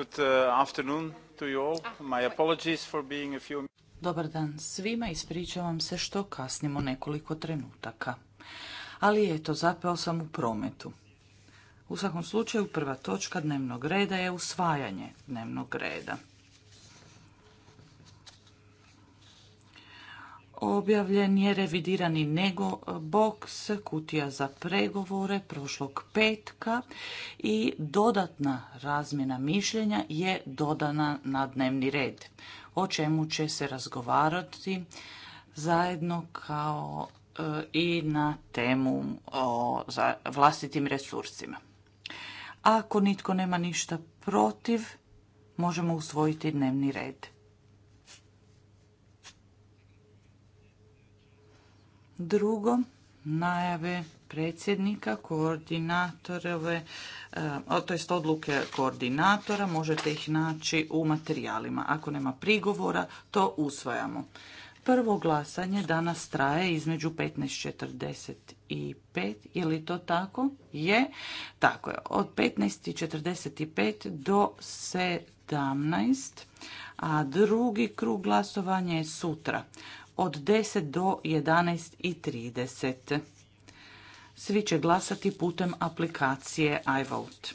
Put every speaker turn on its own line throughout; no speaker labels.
Good
Dobar dan svima, ispričavam se što kasnimo nekoliko trenutaka. Ali eto, zapeo sam u prometu. U svakom slučaju prva točka dnevnog reda je usvajanje dnevnog reda. objavljen je revidirani nego e, box kutija za pregovore prošlog petka i dodatna razmjena mišljenja je dodana na dnevni red o čemu će se razgovarati zajedno kao e, i na temu o vlastitim resursima. Ako nitko nema ništa protiv, možemo usvojiti dnevni red. Drugo, najave predsjednika, koordinatorove, e, to odluke koordinatora, možete ih naći u materijalima. Ako nema prigovora, to usvajamo. Prvo glasanje danas traje između 15.45, je li to tako? Je, tako je, od 15.45 do 17, a drugi krug glasovanja je sutra od 10 do 11 i 30. Svi će glasati putem aplikacije iVote.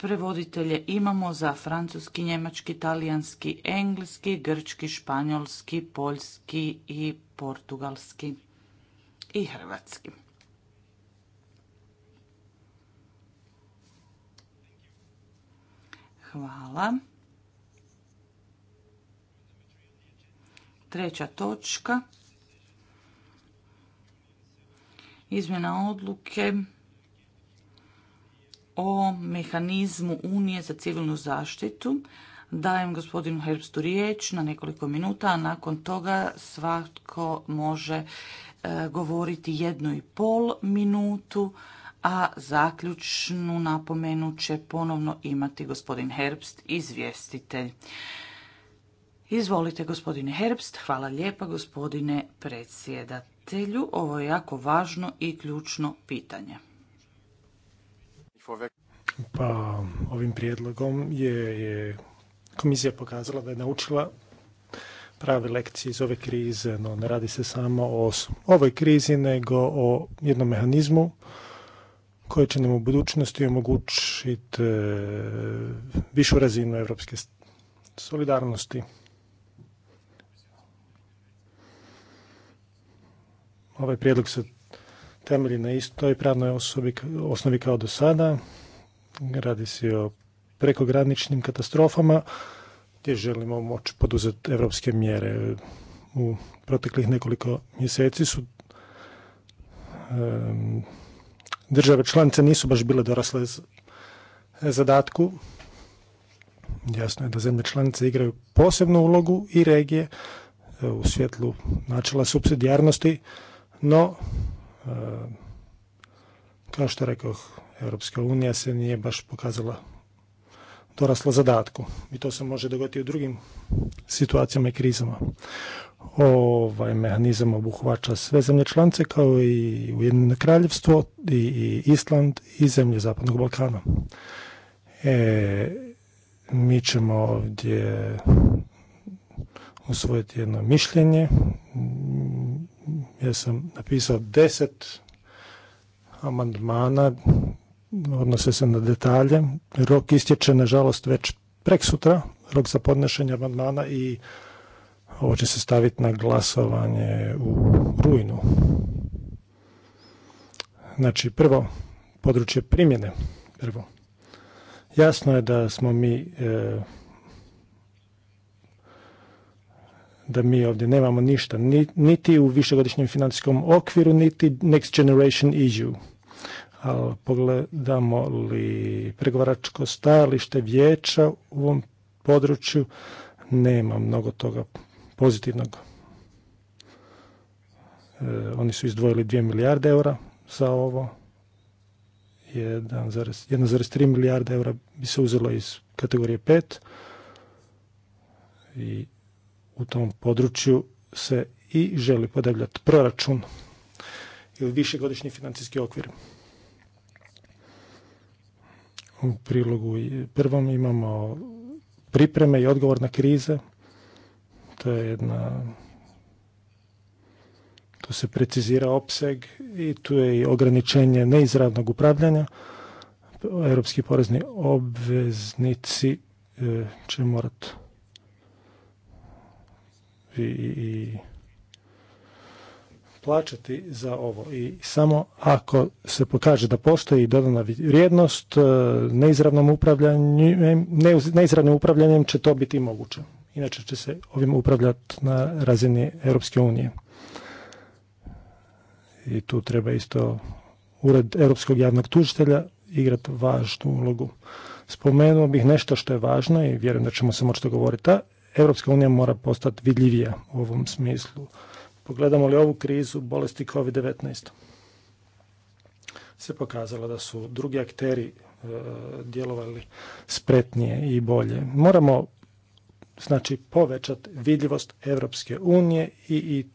Prevoditelje imamo za francuski, njemački, talijanski, engleski, grčki, španjolski, poljski i portugalski i hrvatski. Hvala. treća točka. Izmjena odluke o mehanizmu Unije za civilnu zaštitu. Dajem gospodinu Herbstu riječ na nekoliko minuta, a nakon toga svatko može e, govoriti jednu i pol minutu, a zaključnu napomenu će ponovno imati gospodin Herbst, izvjestitelj. Izvolite gospodine Herbst, hvala lijepa gospodine predsjedatelju. Ovo je jako važno i ključno pitanje.
Pa ovim prijedlogom je, je komisija pokazala da je naučila prave lekcije iz ove krize, no ne radi se samo o ovoj krizi, nego o jednom mehanizmu koji će nam u budućnosti omogućiti e, višu razinu evropske solidarnosti. Ovaj prijedlog se temelji na istoj pravnoj osnovi kao do sada. Radi se o prekograničnim katastrofama gdje želimo moći poduzeti evropske mjere. U proteklih nekoliko mjeseci su države članice nisu baš bile dorasle zadatku. Jasno je da zemlje članice igraju posebnu ulogu i regije e, u svjetlu načela subsidijarnosti no, eh, kao što rekao, Europska unija se nije baš pokazala dorasla zadatku. I to se može dogoditi u drugim situacijama i krizama. Ovaj mehanizam obuhvaća sve zemlje članice kao i Ujedinjeno kraljevstvo i, i Island i zemlje Zapadnog Balkana. E, mi ćemo ovdje usvojiti jedno mišljenje ja sam napisao deset amandmana, odnose se na detalje. Rok istječe, nažalost, već prek sutra, rok za podnošenje amandmana i ovo će se staviti na glasovanje u rujnu. Znači, prvo, područje primjene. Prvo, jasno je da smo mi e, da mi ovdje nemamo ništa, niti u višegodišnjem financijskom okviru, niti Next Generation EU. Ali pogledamo li pregovaračko stajalište vijeća u ovom području, nema mnogo toga pozitivnog. E, oni su izdvojili 2 milijarde eura za ovo. 1,3 milijarde eura bi se uzelo iz kategorije 5 i u tom području se i želi podavljati proračun ili višegodišnji financijski okvir. U prilogu prvom imamo pripreme i odgovor na krize. To je jedna tu se precizira opseg i tu je i ograničenje neizravnog upravljanja. Europski porezni obveznici e, će morati i, plaćati za ovo. I samo ako se pokaže da postoji dodana vrijednost, e, neizravnom upravljanjem, neizravnim upravljanjem će to biti moguće. Inače će se ovim upravljati na razini Europske unije. I tu treba isto Ured Europskog javnog tužitelja igrati važnu ulogu. Spomenuo bih nešto što je važno i vjerujem da ćemo se moći govoriti. Ta Evropska unija mora postati vidljivija u ovom smislu. Pogledamo li ovu krizu bolesti COVID-19, se pokazalo da su drugi akteri e, djelovali spretnije i bolje. Moramo znači povećati vidljivost Europske unije i,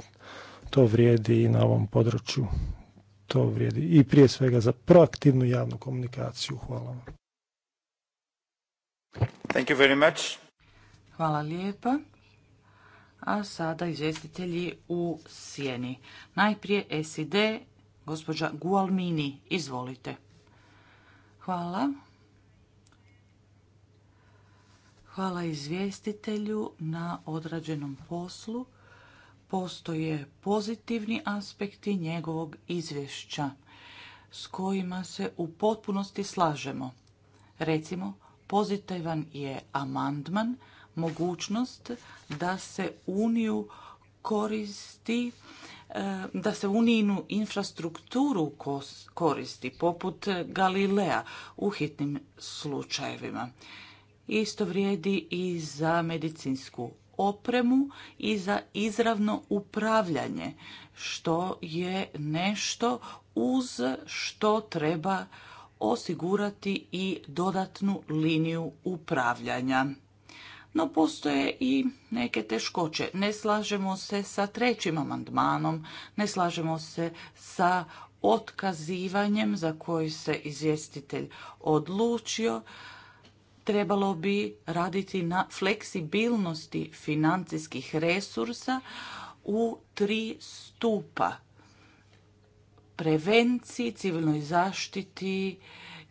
to vrijedi i na ovom području. To vrijedi i prije svega za proaktivnu javnu komunikaciju. Hvala vam.
Hvala lijepa. A sada izvjestitelji u sjeni. Najprije SID, gospođa Gualmini, izvolite. Hvala. Hvala izvjestitelju na odrađenom poslu. Postoje pozitivni aspekti njegovog izvješća s kojima se u potpunosti slažemo. Recimo, pozitivan je amandman mogućnost da se Uniju koristi e, da se unijinu infrastrukturu koristi, poput Galilea u hitnim slučajevima. Isto vrijedi i za medicinsku opremu i za izravno upravljanje, što je nešto uz što treba osigurati i dodatnu liniju upravljanja. No postoje i neke teškoće. Ne slažemo se sa trećim amandmanom, ne slažemo se sa otkazivanjem za koji se izvjestitelj odlučio. Trebalo bi raditi na fleksibilnosti financijskih resursa u tri stupa. Prevenciji, civilnoj zaštiti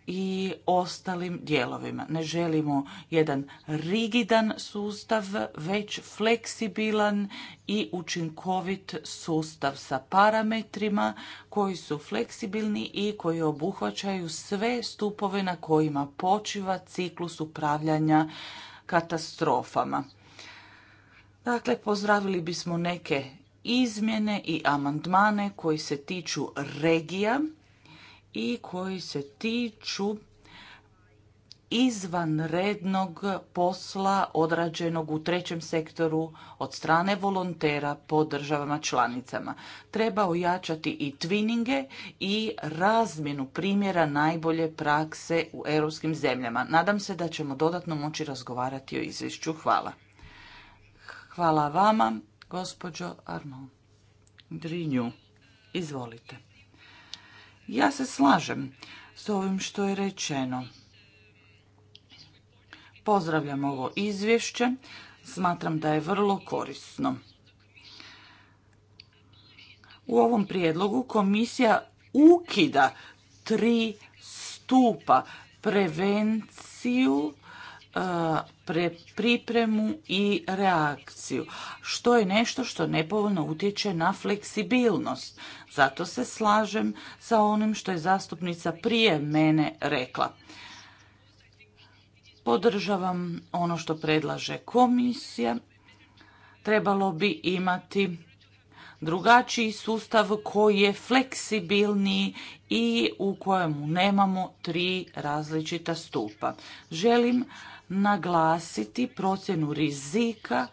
i ostalim dijelovima. Ne želimo jedan rigidan sustav, već fleksibilan i učinkovit sustav sa parametrima koji su fleksibilni i koji obuhvaćaju sve stupove na kojima počiva ciklus upravljanja katastrofama. Dakle, pozdravili bismo neke izmjene i amandmane koji se tiču regija i koji se tiču izvanrednog posla odrađenog u trećem sektoru od strane volontera po državama članicama. Treba ojačati i twininge i razmjenu primjera najbolje prakse u europskim zemljama. Nadam se da ćemo dodatno moći razgovarati o izvješću. Hvala. Hvala vama, gospođo Arno Drinju. Izvolite. Ja se slažem s ovim što je rečeno. Pozdravljam ovo izvješće. Smatram da je vrlo korisno. U ovom prijedlogu komisija ukida tri stupa prevenciju, pripremu i reakciju, što je nešto što nepovoljno utječe na fleksibilnost. Zato se slažem sa onim što je zastupnica prije mene rekla. Podržavam ono što predlaže komisija. Trebalo bi imati drugačiji sustav koji je fleksibilniji i u kojemu nemamo tri različita stupa. Želim naglasiti procjenu rizika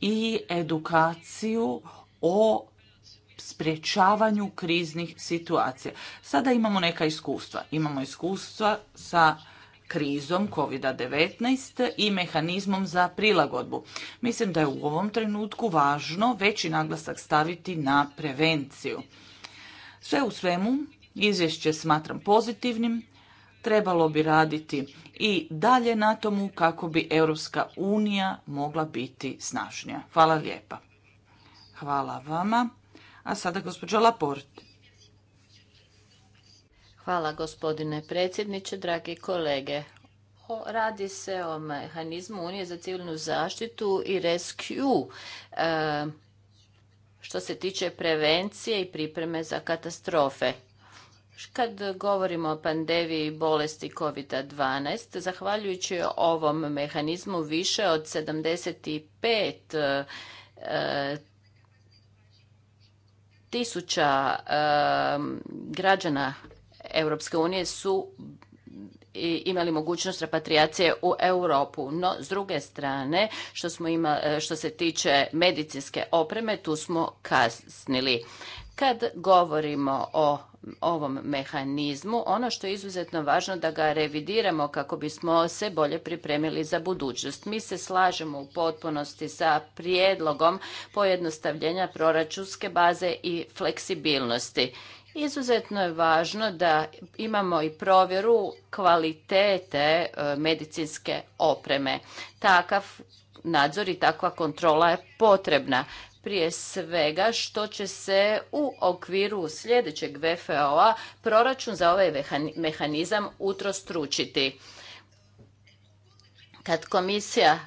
i edukaciju o sprječavanju kriznih situacija. Sada imamo neka iskustva. Imamo iskustva sa krizom COVID-19 i mehanizmom za prilagodbu. Mislim da je u ovom trenutku važno veći naglasak staviti na prevenciju. Sve u svemu, izvješće smatram pozitivnim, trebalo bi raditi i dalje na tomu kako bi Europska unija mogla biti snažnija. Hvala lijepa. Hvala vama. A sada gospođa Laporte.
Hvala gospodine predsjedniče, dragi kolege. Radi se o mehanizmu Unije za civilnu zaštitu i rescue e, što se tiče prevencije i pripreme za katastrofe. Kad govorimo o pandemiji bolesti COVID-19, zahvaljujući ovom mehanizmu više od 75 e, tisuća e, građana Europske unije su imali mogućnost repatriacije u Europu. No, s druge strane, što, smo e, što se tiče medicinske opreme, tu smo kasnili. Kad govorimo o ovom mehanizmu, ono što je izuzetno važno da ga revidiramo kako bismo se bolje pripremili za budućnost. Mi se slažemo u potpunosti sa prijedlogom pojednostavljenja proračunske baze i fleksibilnosti. Izuzetno je važno da imamo i provjeru kvalitete e, medicinske opreme. Takav nadzor i takva kontrola je potrebna prije svega što će se u okviru sljedećeg VFO-a proračun za ovaj mehanizam utrostručiti. Kad komisija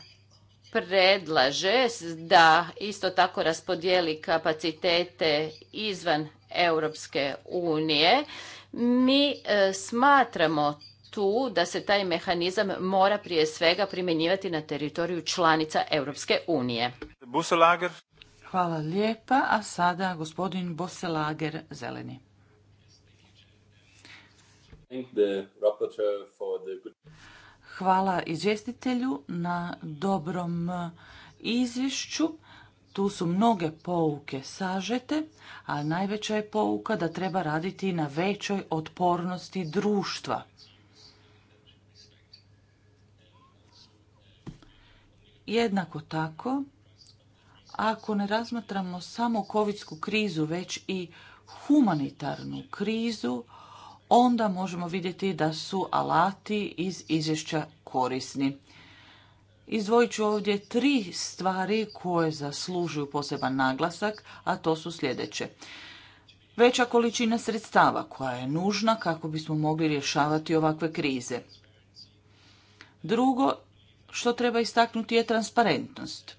predlaže da isto tako raspodijeli kapacitete izvan Europske unije, mi e, smatramo tu da se taj mehanizam mora prije svega primjenjivati na teritoriju članica Europske unije.
Hvala lijepa. A sada gospodin Lager, zeleni. Hvala izvjestitelju na dobrom izvješću. Tu su mnoge pouke sažete, a najveća je pouka da treba raditi na većoj otpornosti društva. Jednako tako, ako ne razmatramo samo kovidsku krizu, već i humanitarnu krizu, onda možemo vidjeti da su alati iz izvješća korisni. Izdvojit ću ovdje tri stvari koje zaslužuju poseban naglasak, a to su sljedeće. Veća količina sredstava koja je nužna kako bismo mogli rješavati ovakve krize. Drugo što treba istaknuti je transparentnost.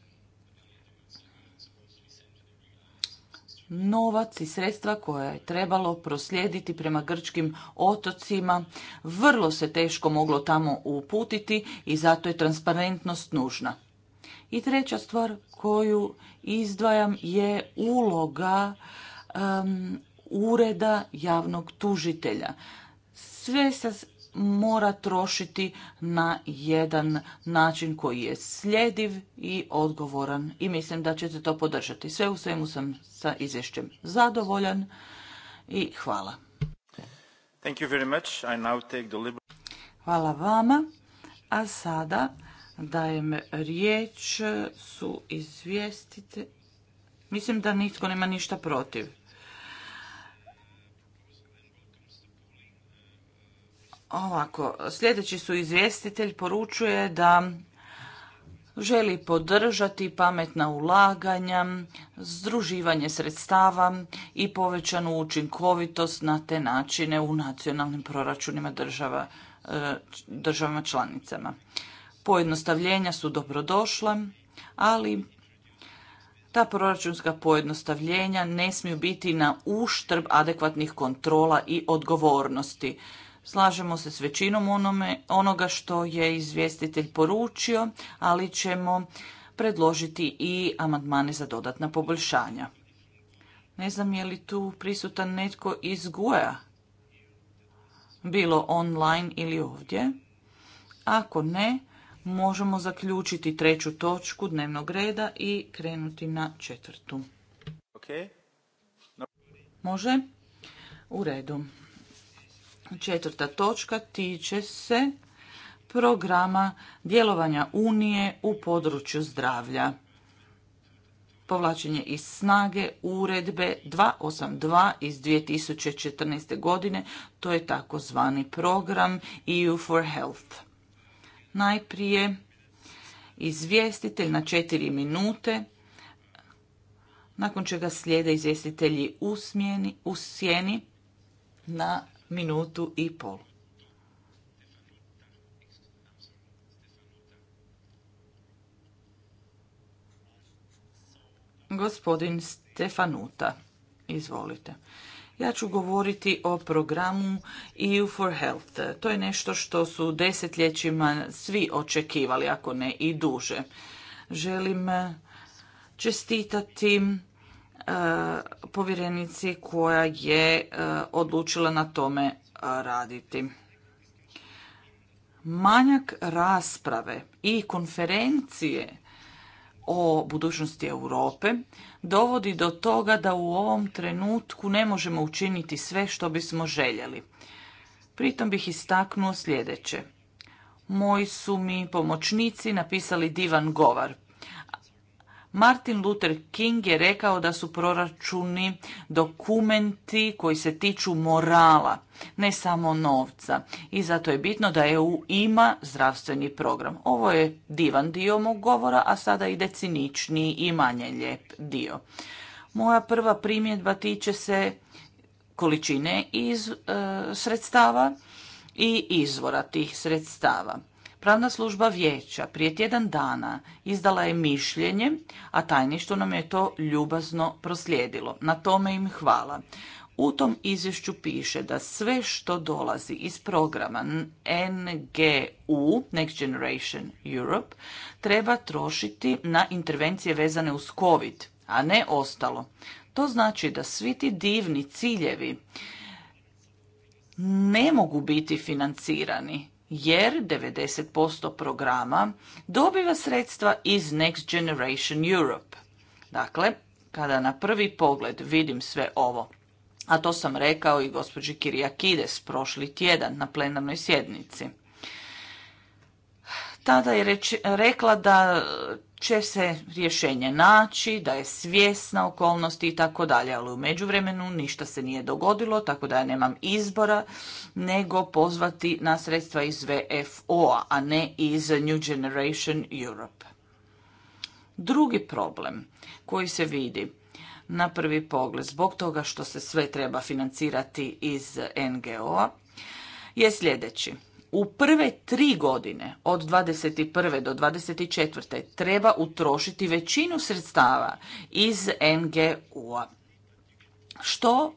novac i sredstva koja je trebalo proslijediti prema grčkim otocima vrlo se teško moglo tamo uputiti i zato je transparentnost nužna. I treća stvar koju izdvajam je uloga ureda javnog tužitelja. Sve se mora trošiti na jedan način koji je sljediv i odgovoran i mislim da ćete to podržati. Sve u svemu sam sa izvješćem zadovoljan i hvala. Hvala vama. A sada dajem riječ su izvijestite. Mislim da nitko nema ništa protiv. Ovako, sljedeći su izvjestitelj poručuje da želi podržati pametna ulaganja, združivanje sredstava i povećanu učinkovitost na te načine u nacionalnim proračunima država, e, državama članicama. Pojednostavljenja su dobrodošla, ali ta proračunska pojednostavljenja ne smiju biti na uštrb adekvatnih kontrola i odgovornosti. Slažemo se s većinom onome, onoga što je izvjestitelj poručio, ali ćemo predložiti i amandmane za dodatna poboljšanja. Ne znam je li tu prisutan netko iz guja bilo online ili ovdje. Ako ne, možemo zaključiti treću točku dnevnog reda i krenuti na četvrtu. Može? U redu. Četvrta točka tiče se programa djelovanja Unije u području zdravlja. Povlačenje iz snage uredbe 282 iz 2014. godine, to je takozvani program EU for Health. Najprije izvjestitelj na četiri minute, nakon čega slijede izvjestitelji u, u sjeni na minutu i pol. Gospodin Stefanuta, izvolite. Ja ću govoriti o programu EU for Health. To je nešto što su desetljećima svi očekivali, ako ne i duže. Želim eh, čestitati E, povjerenici koja je e, odlučila na tome e, raditi. Manjak rasprave i konferencije o budućnosti Europe dovodi do toga da u ovom trenutku ne možemo učiniti sve što bismo željeli. Pritom bih istaknuo sljedeće. Moji su mi pomoćnici napisali divan govor Martin Luther King je rekao da su proračuni dokumenti koji se tiču morala, ne samo novca. I zato je bitno da EU ima zdravstveni program. Ovo je divan dio mog govora, a sada ide ciničniji i manje lijep dio. Moja prva primjedba tiče se količine iz e, sredstava i izvora tih sredstava. Pravna služba vijeća prije tjedan dana izdala je mišljenje, a tajništvo nam je to ljubazno proslijedilo. Na tome im hvala. U tom izvješću piše da sve što dolazi iz programa NGU, Next Generation Europe, treba trošiti na intervencije vezane uz COVID, a ne ostalo. To znači da svi ti divni ciljevi ne mogu biti financirani jer 90% programa dobiva sredstva iz Next Generation Europe. Dakle, kada na prvi pogled vidim sve ovo, a to sam rekao i gospođi Kirijakides prošli tjedan na plenarnoj sjednici, tada je rekla da će se rješenje naći, da je svjesna okolnosti i tako dalje, ali u međuvremenu ništa se nije dogodilo, tako da ja nemam izbora nego pozvati na sredstva iz VFO-a, a ne iz New Generation Europe. Drugi problem koji se vidi na prvi pogled zbog toga što se sve treba financirati iz NGO-a je sljedeći u prve tri godine od 21. do 24. treba utrošiti većinu sredstava iz NGU-a. Što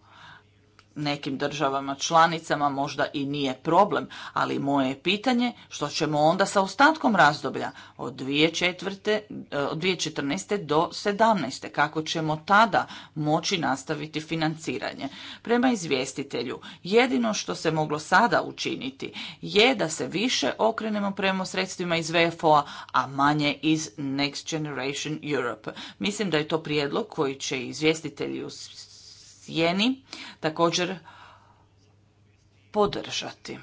nekim državama članicama možda i nije problem, ali moje je pitanje što ćemo onda sa ostatkom razdoblja od 2014. E, do 2017. Kako ćemo tada moći nastaviti financiranje? Prema izvjestitelju, jedino što se moglo sada učiniti je da se više okrenemo prema sredstvima iz VFO-a, a manje iz Next Generation Europe. Mislim da je to prijedlog koji će izvjestitelji sjeni također podržati.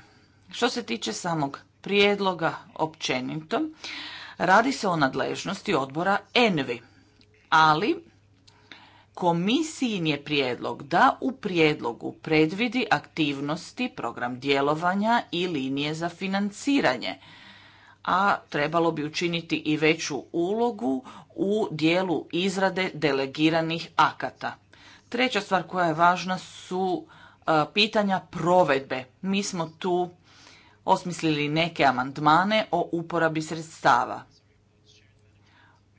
Što se tiče samog prijedloga općenito, radi se o nadležnosti odbora ENVI, ali komisijin je prijedlog da u prijedlogu predvidi aktivnosti, program djelovanja i linije za financiranje, a trebalo bi učiniti i veću ulogu u dijelu izrade delegiranih akata. Treća stvar koja je važna su e, pitanja provedbe. Mi smo tu osmislili neke amandmane o uporabi sredstava.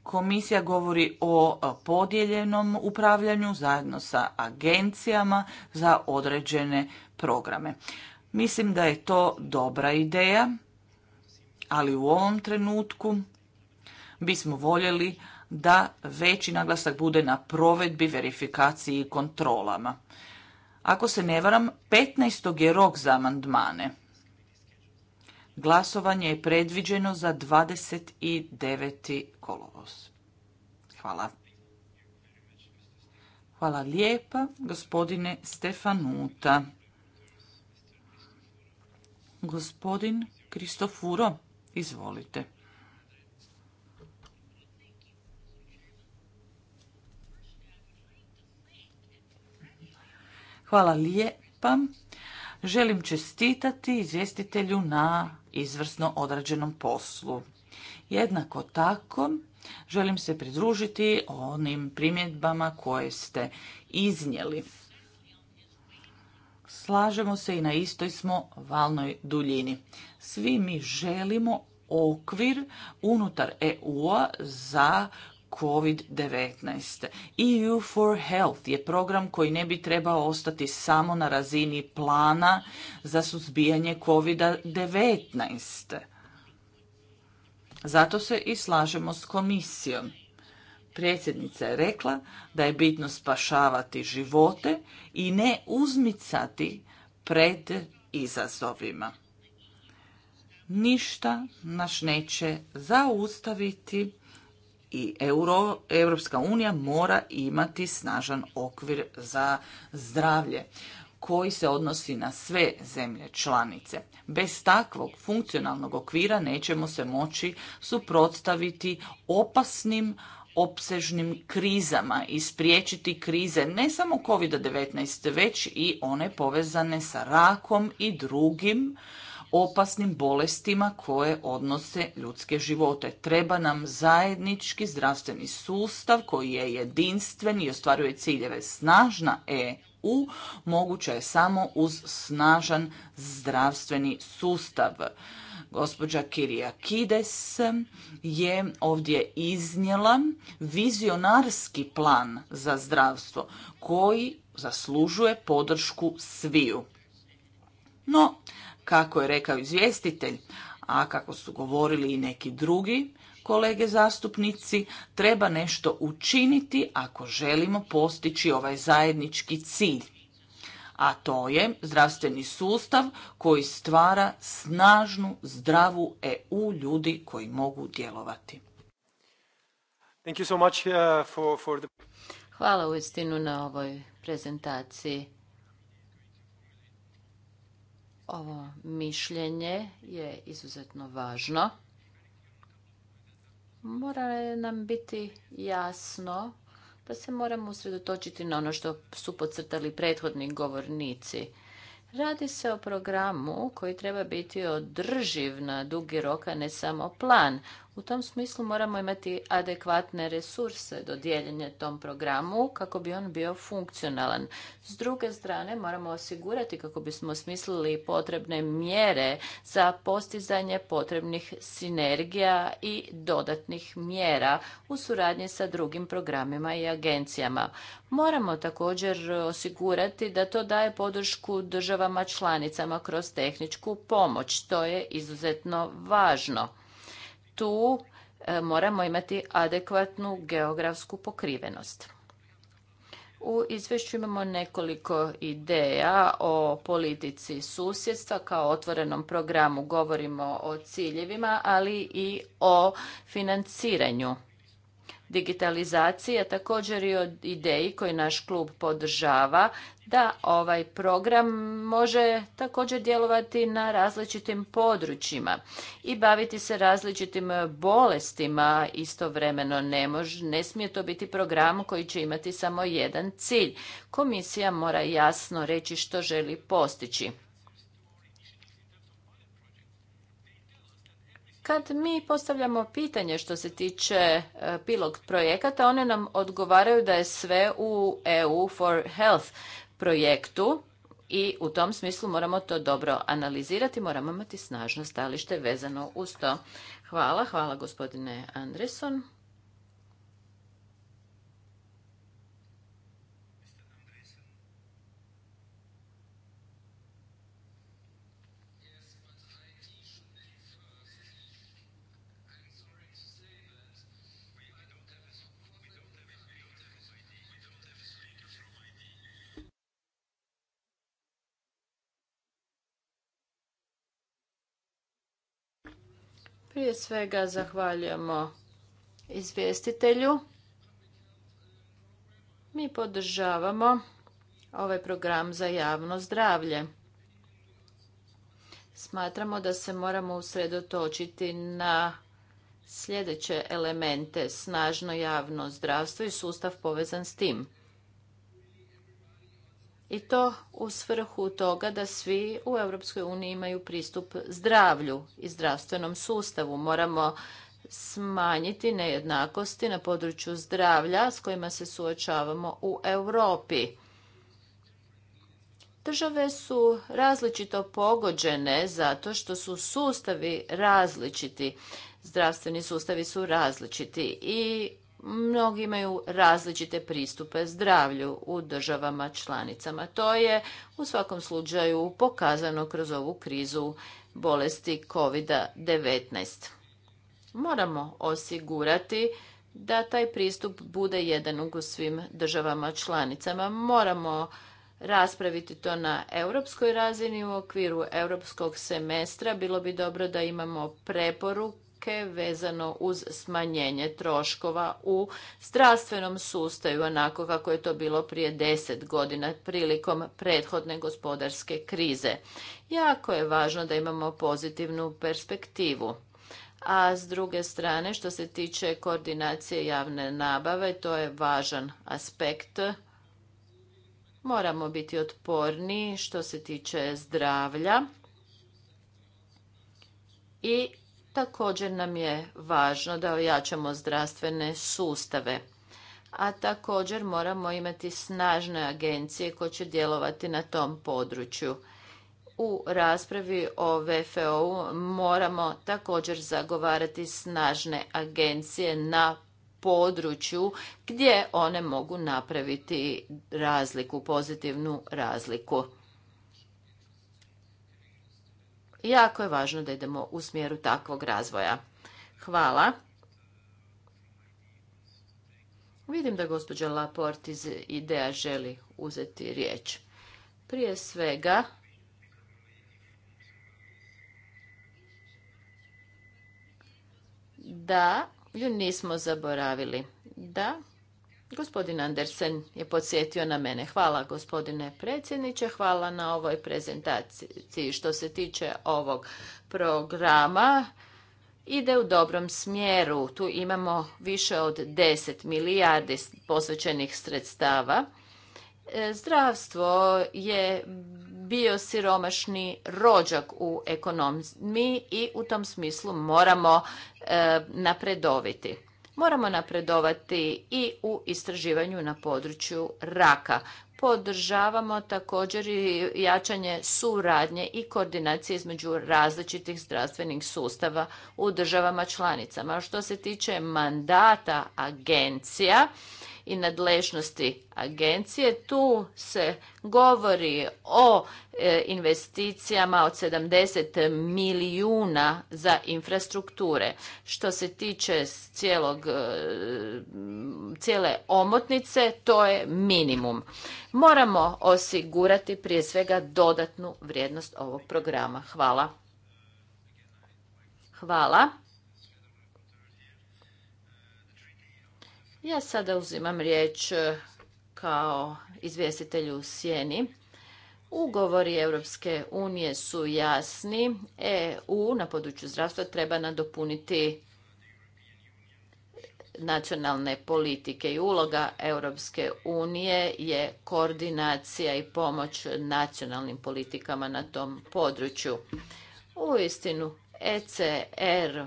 Komisija govori o e, podijeljenom upravljanju zajedno sa agencijama za određene programe. Mislim da je to dobra ideja, ali u ovom trenutku bismo voljeli da veći naglasak bude na provedbi, verifikaciji i kontrolama. Ako se ne varam, 15. je rok za amandmane. Glasovanje je predviđeno za 29. kolovoz. Hvala. Hvala lijepa, gospodine Stefanuta. Gospodin Kristofuro, izvolite. Hvala lijepa. Želim čestitati izvjestitelju na izvrsno odrađenom poslu. Jednako tako želim se pridružiti onim primjedbama koje ste iznijeli. Slažemo se i na istoj smo valnoj duljini. Svi mi želimo okvir unutar EU-a za COVID-19. EU for Health je program koji ne bi trebao ostati samo na razini plana za suzbijanje COVID-19. Zato se i slažemo s komisijom. Predsjednica je rekla da je bitno spašavati živote i ne uzmicati pred izazovima. Ništa nas neće zaustaviti i Euro, Europska unija mora imati snažan okvir za zdravlje koji se odnosi na sve zemlje članice. Bez takvog funkcionalnog okvira nećemo se moći suprotstaviti opasnim opsežnim krizama i spriječiti krize ne samo COVID-19, već i one povezane sa rakom i drugim opasnim bolestima koje odnose ljudske živote. Treba nam zajednički zdravstveni sustav koji je jedinstven i ostvaruje ciljeve snažna EU, moguća je samo uz snažan zdravstveni sustav. Gospođa Kides je ovdje iznijela vizionarski plan za zdravstvo koji zaslužuje podršku sviju. No, kako je rekao izvjestitelj, a kako su govorili i neki drugi kolege zastupnici, treba nešto učiniti ako želimo postići ovaj zajednički cilj. A to je zdravstveni sustav koji stvara snažnu, zdravu EU ljudi koji mogu djelovati. Thank you so
uh,
Hvala u na ovoj prezentaciji. Ovo mišljenje je izuzetno važno. Mora nam biti jasno da se moramo usredotočiti na ono što su podcrtali prethodni govornici. Radi se o programu koji treba biti održiv na dugi rok, a ne samo plan. U tom smislu moramo imati adekvatne resurse do dijeljenja tom programu kako bi on bio funkcionalan. S druge strane moramo osigurati kako bismo smislili potrebne mjere za postizanje potrebnih sinergija i dodatnih mjera u suradnji sa drugim programima i agencijama. Moramo također osigurati da to daje podršku državama članicama kroz tehničku pomoć. To je izuzetno važno tu e, moramo imati adekvatnu geografsku pokrivenost. U izvješću imamo nekoliko ideja o politici susjedstva kao otvorenom programu. Govorimo o ciljevima, ali i o financiranju Digitalizacija također i od ideji koji naš klub podržava da ovaj program može također djelovati na različitim područjima i baviti se različitim bolestima istovremeno ne može, ne smije to biti program koji će imati samo jedan cilj. Komisija mora jasno reći što želi postići. Kad mi postavljamo pitanje što se tiče e, PILOG projekata, one nam odgovaraju da je sve u EU for Health projektu i u tom smislu moramo to dobro analizirati, moramo imati snažno stalište vezano uz to. Hvala, hvala gospodine Andreson. Prije svega zahvaljujemo izvjestitelju. Mi podržavamo ovaj program za javno zdravlje. Smatramo da se moramo usredotočiti na sljedeće elemente snažno javno zdravstvo i sustav povezan s tim i to u svrhu toga da svi u Europskoj uniji imaju pristup zdravlju i zdravstvenom sustavu. Moramo smanjiti nejednakosti na području zdravlja s kojima se suočavamo u Europi. Države su različito pogođene zato što su sustavi različiti, zdravstveni sustavi su različiti i mnogi imaju različite pristupe zdravlju u državama članicama. To je u svakom slučaju pokazano kroz ovu krizu bolesti COVID-19. Moramo osigurati da taj pristup bude jedan u svim državama članicama. Moramo raspraviti to na europskoj razini u okviru europskog semestra. Bilo bi dobro da imamo preporuku vezano uz smanjenje troškova u zdravstvenom sustavu, onako kako je to bilo prije deset godina prilikom prethodne gospodarske krize. Jako je važno da imamo pozitivnu perspektivu. A s druge strane, što se tiče koordinacije javne nabave, to je važan aspekt moramo biti otporni što se tiče zdravlja i Također nam je važno da ojačamo zdravstvene sustave, a također moramo imati snažne agencije koje će djelovati na tom području. U raspravi o VFO-u moramo također zagovarati snažne agencije na području gdje one mogu napraviti razliku, pozitivnu razliku jako je važno da idemo u smjeru takvog razvoja. Hvala. Vidim da gospođa Laport iz IDEA želi uzeti riječ. Prije svega, da, ju nismo zaboravili. Da, Gospodin Andersen je podsjetio na mene. Hvala gospodine predsjedniče, hvala na ovoj prezentaciji. Što se tiče ovog programa, ide u dobrom smjeru. Tu imamo više od 10 milijardi posvećenih sredstava. E, zdravstvo je bio siromašni rođak u ekonomiji i u tom smislu moramo e, napredoviti. Moramo napredovati i u istraživanju na području raka. Podržavamo također i jačanje suradnje i koordinacije između različitih zdravstvenih sustava u državama članicama. što se tiče mandata agencija, i nadležnosti agencije. Tu se govori o e, investicijama od 70 milijuna za infrastrukture. Što se tiče cijelog, e, cijele omotnice, to je minimum. Moramo osigurati prije svega dodatnu vrijednost ovog programa. Hvala. Hvala. Ja sada uzimam riječ e, kao izvjestitelju u sjeni. Ugovori Europske unije su jasni. EU na području zdravstva treba nadopuniti nacionalne politike i uloga Europske unije je koordinacija i pomoć nacionalnim politikama na tom području. U istinu, ECR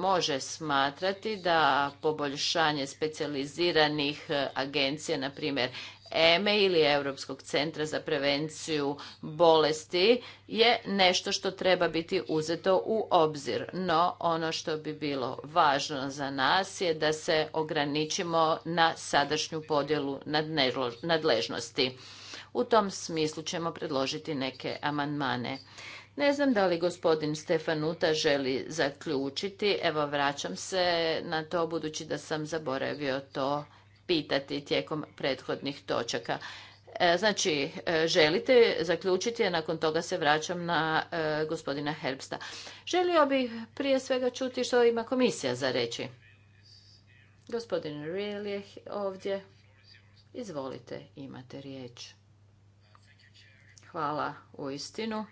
može smatrati da poboljšanje specijaliziranih e, agencija, na primjer EME e ili Europskog centra za prevenciju bolesti je nešto što treba biti uzeto u obzir. No, ono što bi bilo važno za nas je da se ograničimo na sadašnju podjelu nadležnosti. U tom smislu ćemo predložiti neke amandmane. Ne znam da li gospodin Stefanuta želi zaključiti. Evo, vraćam se na to budući da sam zaboravio to pitati tijekom prethodnih točaka. E, znači, e, želite zaključiti, a nakon toga se vraćam na e, gospodina Herbsta. Želio bih prije svega čuti što ima komisija za reći. Gospodin Riel je ovdje. Izvolite, imate riječ. Hvala u istinu.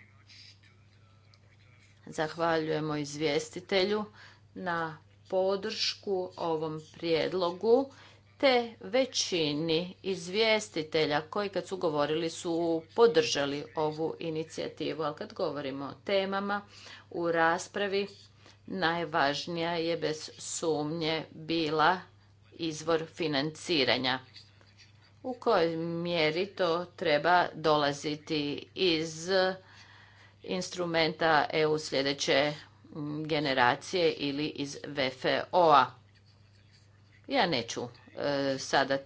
Zahvaljujemo izvjestitelju na podršku ovom prijedlogu te većini izvjestitelja koji kad su govorili su podržali ovu inicijativu. Ali kad govorimo o temama u raspravi, najvažnija je bez sumnje bila izvor financiranja. U kojoj mjeri to treba dolaziti iz instrumenta EU sljedeće mm, generacije ili iz VFO-a. Ja neću e, sada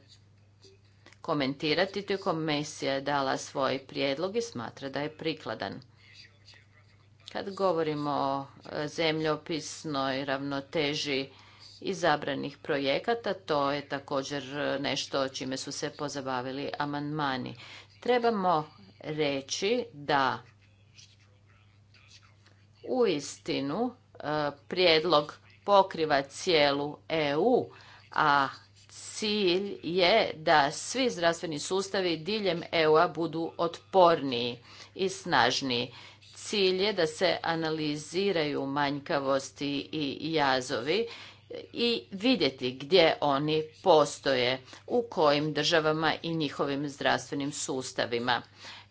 komentirati, tu je dala svoj prijedlog i smatra da je prikladan. Kad govorimo o e, zemljopisnoj ravnoteži izabranih projekata, to je također e, nešto čime su se pozabavili amandmani. Trebamo reći da uistinu e, prijedlog pokriva cijelu EU, a cilj je da svi zdravstveni sustavi diljem EU-a budu otporniji i snažniji. Cilj je da se analiziraju manjkavosti i jazovi i vidjeti gdje oni postoje, u kojim državama i njihovim zdravstvenim sustavima.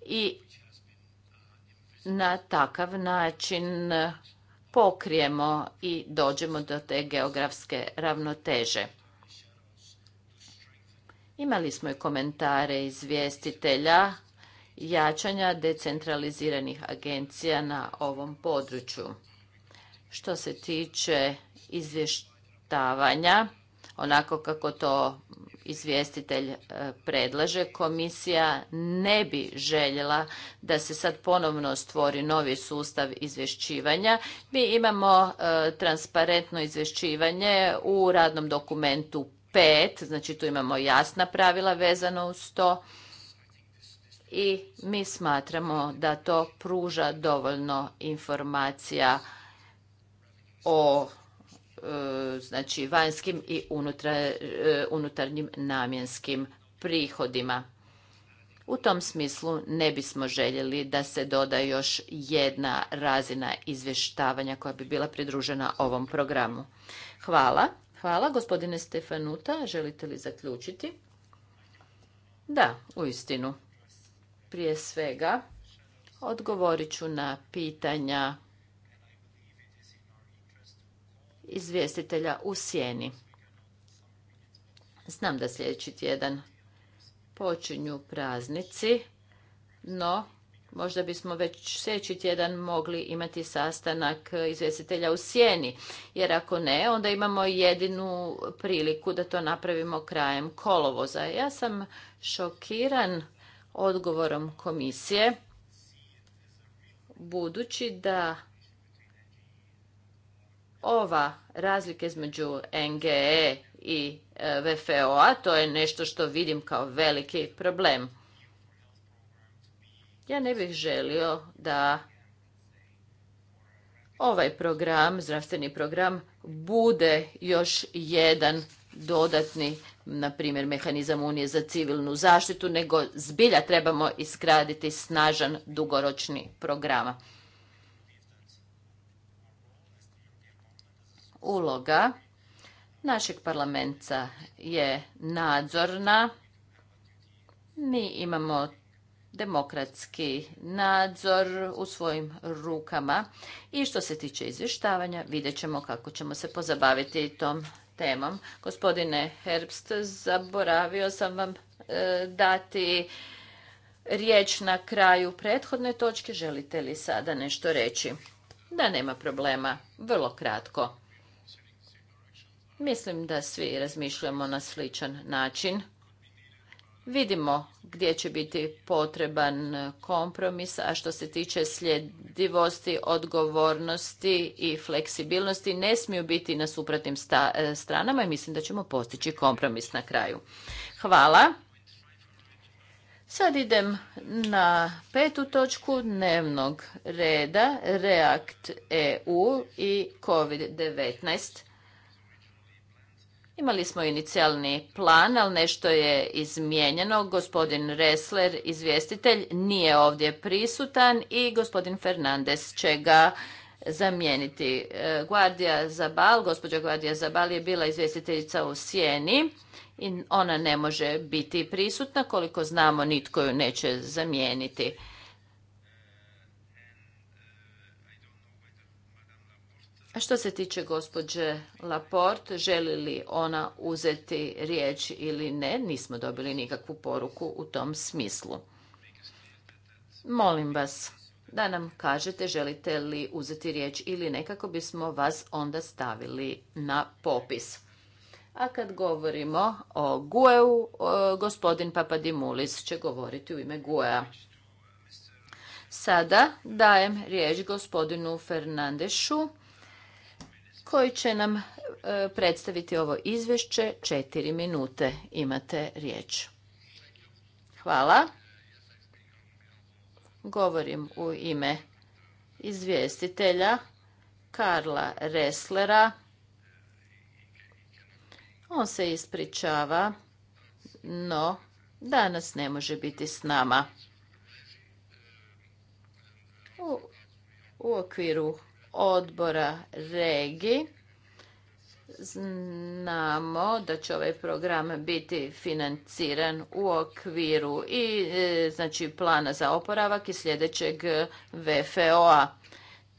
I na takav način pokrijemo i dođemo do te geografske ravnoteže. Imali smo i komentare izvjestitelja jačanja decentraliziranih agencija na ovom području. Što se tiče izvještavanja, onako kako to izvjestitelj e, predlaže. Komisija ne bi željela da se sad ponovno stvori novi sustav izvješćivanja. Mi imamo e, transparentno izvješćivanje u radnom dokumentu 5, znači tu imamo jasna pravila vezano uz to i mi smatramo da to pruža dovoljno informacija o E, znači vanjskim i e, unutarnjim namjenskim prihodima. U tom smislu ne bismo željeli da se doda još jedna razina izvještavanja koja bi bila pridružena ovom programu. Hvala. Hvala. Gospodine Stefanuta, želite li zaključiti? Da, u istinu. Prije svega, odgovorit ću na pitanja izvjestitelja u sjeni. Znam da sljedeći tjedan počinju praznici, no možda bismo već sljedeći tjedan mogli imati sastanak izvjestitelja u sjeni, jer ako ne, onda imamo jedinu priliku da to napravimo krajem kolovoza. Ja sam šokiran odgovorom komisije, budući da ova razlika između NGE i e, VFO-a, to je nešto što vidim kao veliki problem. Ja ne bih želio da ovaj program, zdravstveni program, bude još jedan dodatni, na primjer, mehanizam Unije za civilnu zaštitu, nego zbilja trebamo iskraditi snažan dugoročni program. uloga našeg parlamenta je nadzorna. Mi imamo demokratski nadzor u svojim rukama i što se tiče izvještavanja vidjet ćemo kako ćemo se pozabaviti tom temom. Gospodine Herbst, zaboravio sam vam e, dati riječ na kraju prethodne točke. Želite li sada nešto reći? Da nema problema, vrlo kratko. Mislim da svi razmišljamo na sličan način. Vidimo gdje će biti potreban kompromis, a što se tiče sljedivosti, odgovornosti i fleksibilnosti ne smiju biti na suprotnim e, stranama i mislim da ćemo postići kompromis na kraju. Hvala. Sad idem na petu točku dnevnog reda, React EU i COVID-19. Imali smo inicijalni plan, ali nešto je izmijenjeno. Gospodin Ressler, izvjestitelj, nije ovdje prisutan i gospodin Fernandez će ga zamijeniti. E, Guardia Zabal, gospođa Guardia Zabal je bila izvjestiteljica u Sjeni i ona ne može biti prisutna. Koliko znamo, nitko ju neće zamijeniti. A što se tiče gospođe Laporte, želi li ona uzeti riječ ili ne, nismo dobili nikakvu poruku u tom smislu. Molim vas da nam kažete želite li uzeti riječ ili ne kako bismo vas onda stavili na popis. A kad govorimo o Gueu, gospodin Papadimulis će govoriti u ime Guea. Sada dajem riječ gospodinu Fernandešu koji će nam e, predstaviti ovo izvješće. Četiri minute imate riječ. Hvala. Govorim u ime izvjestitelja Karla Resslera. On se ispričava, no danas ne može biti s nama. u okviru odbora regi znamo da će ovaj program biti financiran u okviru i e, znači plana za oporavak i sljedećeg VFO-a.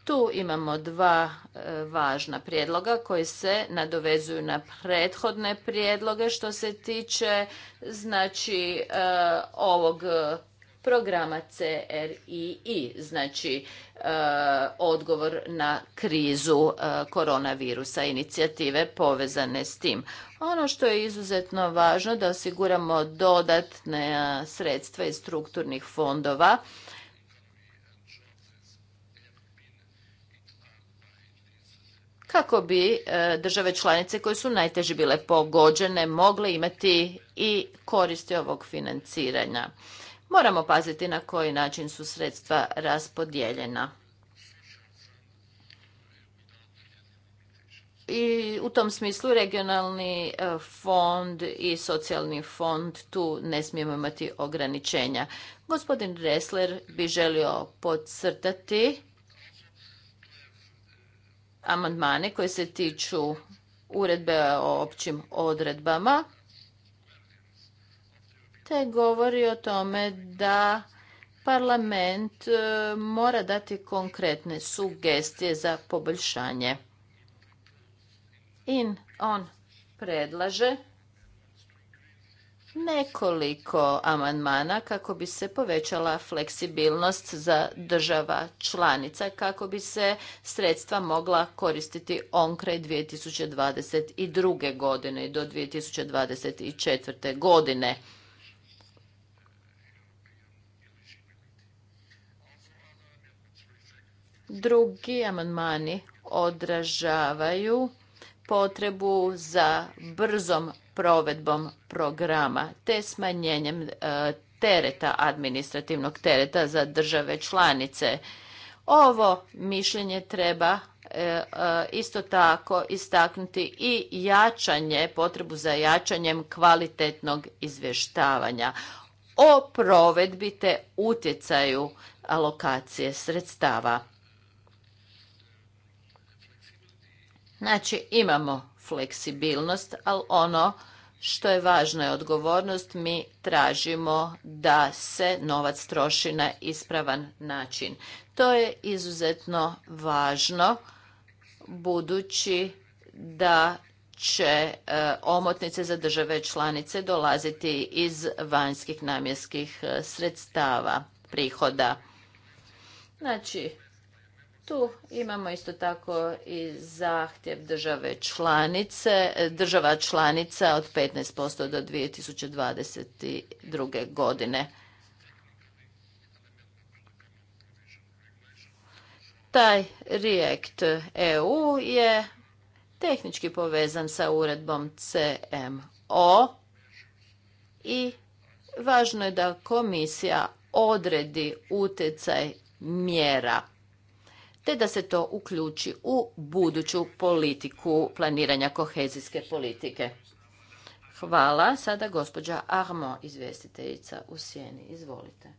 Tu imamo dva e, važna prijedloga koji se nadovezuju na prethodne prijedloge što se tiče znači e, ovog programa CRII, znači e, odgovor na krizu e, koronavirusa, inicijative povezane s tim. Ono što je izuzetno važno da osiguramo dodatne e, sredstva iz strukturnih fondova kako bi države članice koje su najteže bile pogođene mogle imati i koristi ovog financiranja. Moramo paziti na koji način su sredstva raspodijeljena. I u tom smislu regionalni e, fond i socijalni fond tu ne smijemo imati ograničenja. Gospodin Dresler bi želio podcrtati amandmane koje se tiču uredbe o općim odredbama te govori o tome da parlament e, mora dati konkretne sugestije za poboljšanje. In on predlaže nekoliko amandmana kako bi se povećala fleksibilnost za država članica kako bi se sredstva mogla koristiti onkraj 2022. godine do 2024. godine. Drugi amandmani odražavaju potrebu za brzom provedbom programa te smanjenjem e, tereta, administrativnog tereta za države članice. Ovo mišljenje treba e, e, isto tako istaknuti i jačanje, potrebu za jačanjem kvalitetnog izvještavanja o provedbi te utjecaju alokacije sredstava. Znači imamo fleksibilnost, ali ono što je važno je odgovornost. Mi tražimo da se novac troši na ispravan način. To je izuzetno važno budući da će e, omotnice za države članice dolaziti iz vanjskih namjenskih e, sredstava prihoda. Znači, tu imamo isto tako i zahtjev države članice, država članica od 15% do 2022. godine. Taj EU e je tehnički povezan sa uredbom CMO i važno je da komisija odredi utjecaj mjera te da se to uključi u buduću politiku planiranja kohezijske politike. Hvala. Sada gospođa Armo, izvjestiteljica u Sjeni. Izvolite.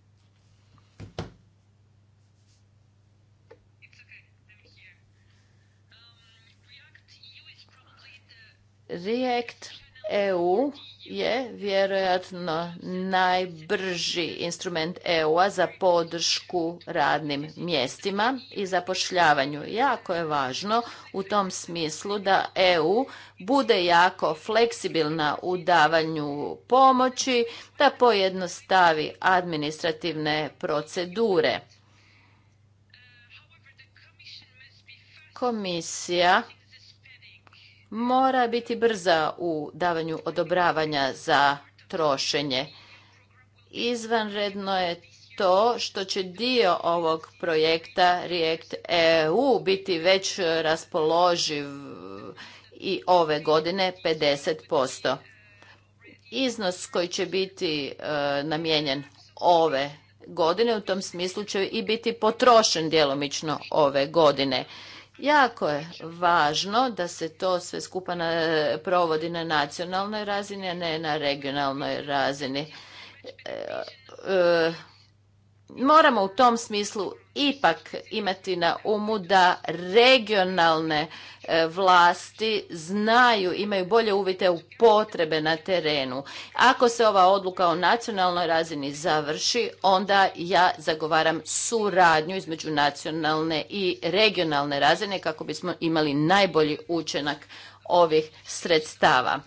React EU je vjerojatno najbrži instrument EU-a za podršku radnim mjestima i zapošljavanju. Jako je važno u tom smislu da EU bude jako fleksibilna u davanju pomoći, da pojednostavi administrativne procedure. Komisija mora biti brza u davanju odobravanja za trošenje. Izvanredno je to što će dio ovog projekta React EU biti već raspoloživ i ove godine 50%. Iznos koji će biti e, namijenjen ove godine u tom smislu će i biti potrošen djelomično ove godine. Jako je važno da se to sve skupa provodi na nacionalnoj razini, a ne na regionalnoj razini. E, e, moramo u tom smislu ipak imati na umu da regionalne e, vlasti znaju, imaju bolje uvite u potrebe na terenu. Ako se ova odluka o nacionalnoj razini završi, onda ja zagovaram suradnju između nacionalne i regionalne razine kako bismo imali najbolji učenak ovih sredstava.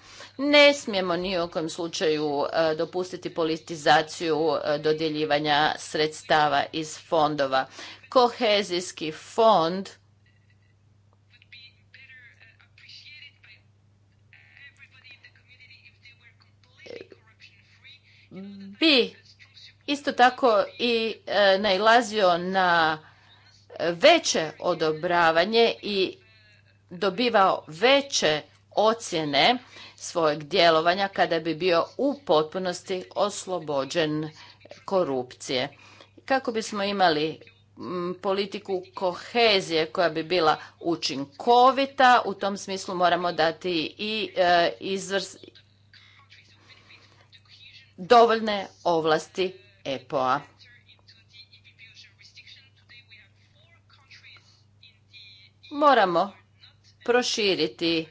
Ne smijemo ni u kojem slučaju e, dopustiti politizaciju e, dodjeljivanja sredstava iz fondova. Kohezijski fond bi isto tako i najlazio e, nailazio na veće odobravanje i dobivao veće ocjene svojeg djelovanja kada bi bio u potpunosti oslobođen korupcije. Kako bismo imali politiku kohezije koja bi bila učinkovita, u tom smislu moramo dati i e, izvrs dovoljne ovlasti EPO-a. Moramo proširiti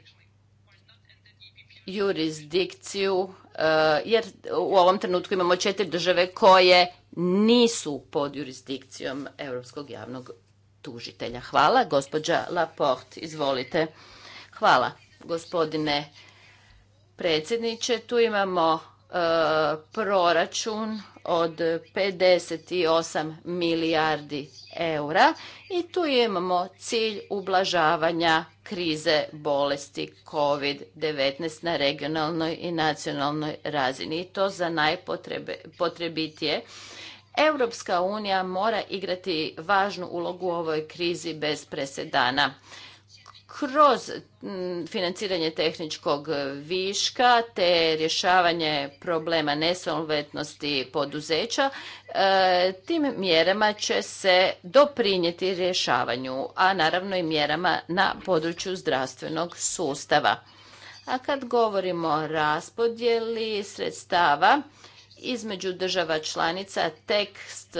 jurisdikciju e, jer u ovom trenutku imamo četiri države koje nisu pod jurisdikcijom Europskog javnog tužitelja. Hvala. Gospođa Laporte, izvolite. Hvala, gospodine predsjedniče. Tu imamo e, proračun od 58 milijardi eura i tu imamo cilj ublažavanja krize bolesti COVID-19 na regionalnoj i nacionalnoj razini i to za najpotrebitije. Europska unija mora igrati važnu ulogu u ovoj krizi bez presedana kroz financiranje tehničkog viška te rješavanje problema nesolventnosti poduzeća, e, tim mjerama će se doprinijeti rješavanju, a naravno i mjerama na području zdravstvenog sustava. A kad govorimo o raspodjeli sredstava između država članica, tekst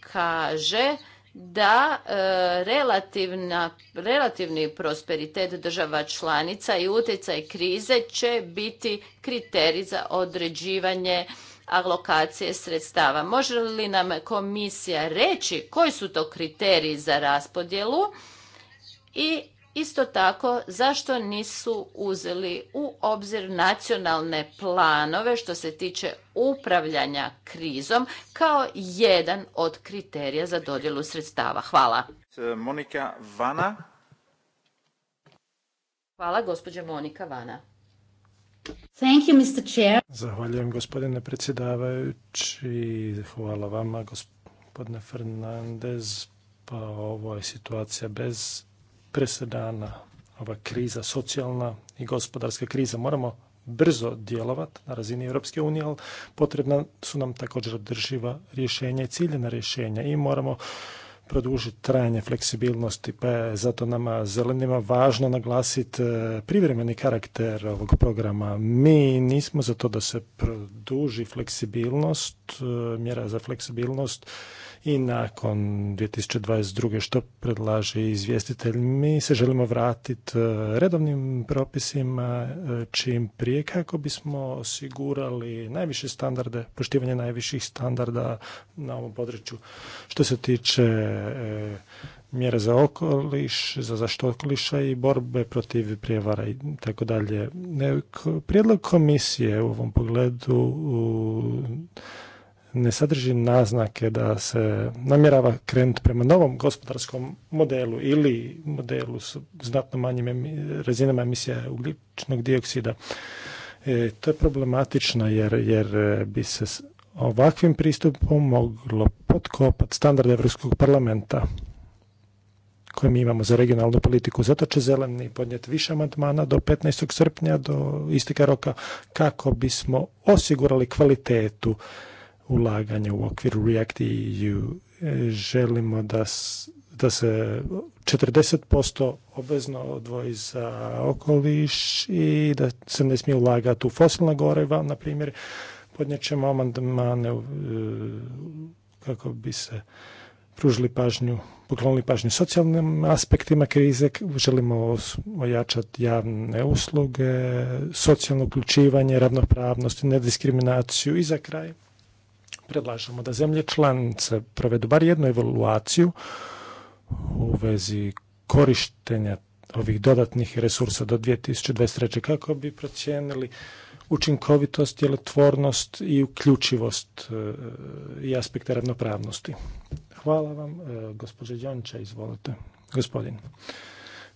kaže da e, relativna, relativni prosperitet država članica i utjecaj krize će biti kriterij za određivanje alokacije sredstava. Može li nam komisija reći koji su to kriteriji za raspodjelu i Isto tako, zašto nisu uzeli u obzir nacionalne planove što se tiče upravljanja krizom kao jedan od kriterija za dodjelu sredstava? Hvala. Monika Vana. Hvala, gospođa Monika Vana. Thank you,
Mr. Chair. Zahvaljujem, gospodine predsjedavajući. Hvala vama, gospodine Fernandez. Pa ovo je situacija bez presedana ova kriza, socijalna i gospodarska kriza. Moramo brzo djelovati na razini Europske unije, ali potrebna su nam također održiva rješenja i ciljena rješenja i moramo produžiti trajanje fleksibilnosti, pa je zato nama zelenima važno naglasiti e, privremeni karakter ovog programa. Mi nismo za to da se produži fleksibilnost, e, mjera za fleksibilnost, i nakon 2022. što predlaže izvjestitelj. Mi se želimo vratiti e, redovnim propisima e, čim prije kako bismo osigurali najviše standarde, poštivanje najviših standarda na ovom području. Što se tiče e, mjere za okoliš, za zaštitu okoliša i borbe protiv prijevara i tako dalje. Prijedlog komisije u ovom pogledu ne sadrži naznake da se namjerava krenuti prema novom gospodarskom modelu ili modelu s znatno manjim razinama emisija ugljičnog dioksida. E, to je problematično jer, jer e, bi se ovakvim pristupom moglo potkopati standard Europskog parlamenta koje mi imamo za regionalnu politiku. Zato će zeleni podnijeti više amandmana do 15. srpnja, do isteka roka, kako bismo osigurali kvalitetu ulaganja u okviru React EU. E, želimo da, da se 40% obvezno odvoji za okoliš i da se ne smije ulagati u fosilna goriva, na primjer, podnijet ćemo amandmane e, kako bi se pružili pažnju, poklonili pažnju socijalnim aspektima krize, želimo ojačati javne usluge, socijalno uključivanje, ravnopravnost, nediskriminaciju i za kraj Predlažemo da zemlje članice provedu bar jednu evaluaciju u vezi korištenja ovih dodatnih resursa do 2023. kako bi procijenili učinkovitost, djelotvornost i uključivost e, i aspekte ravnopravnosti. Hvala vam, e, gospođe Đonča, izvolite. Gospodin.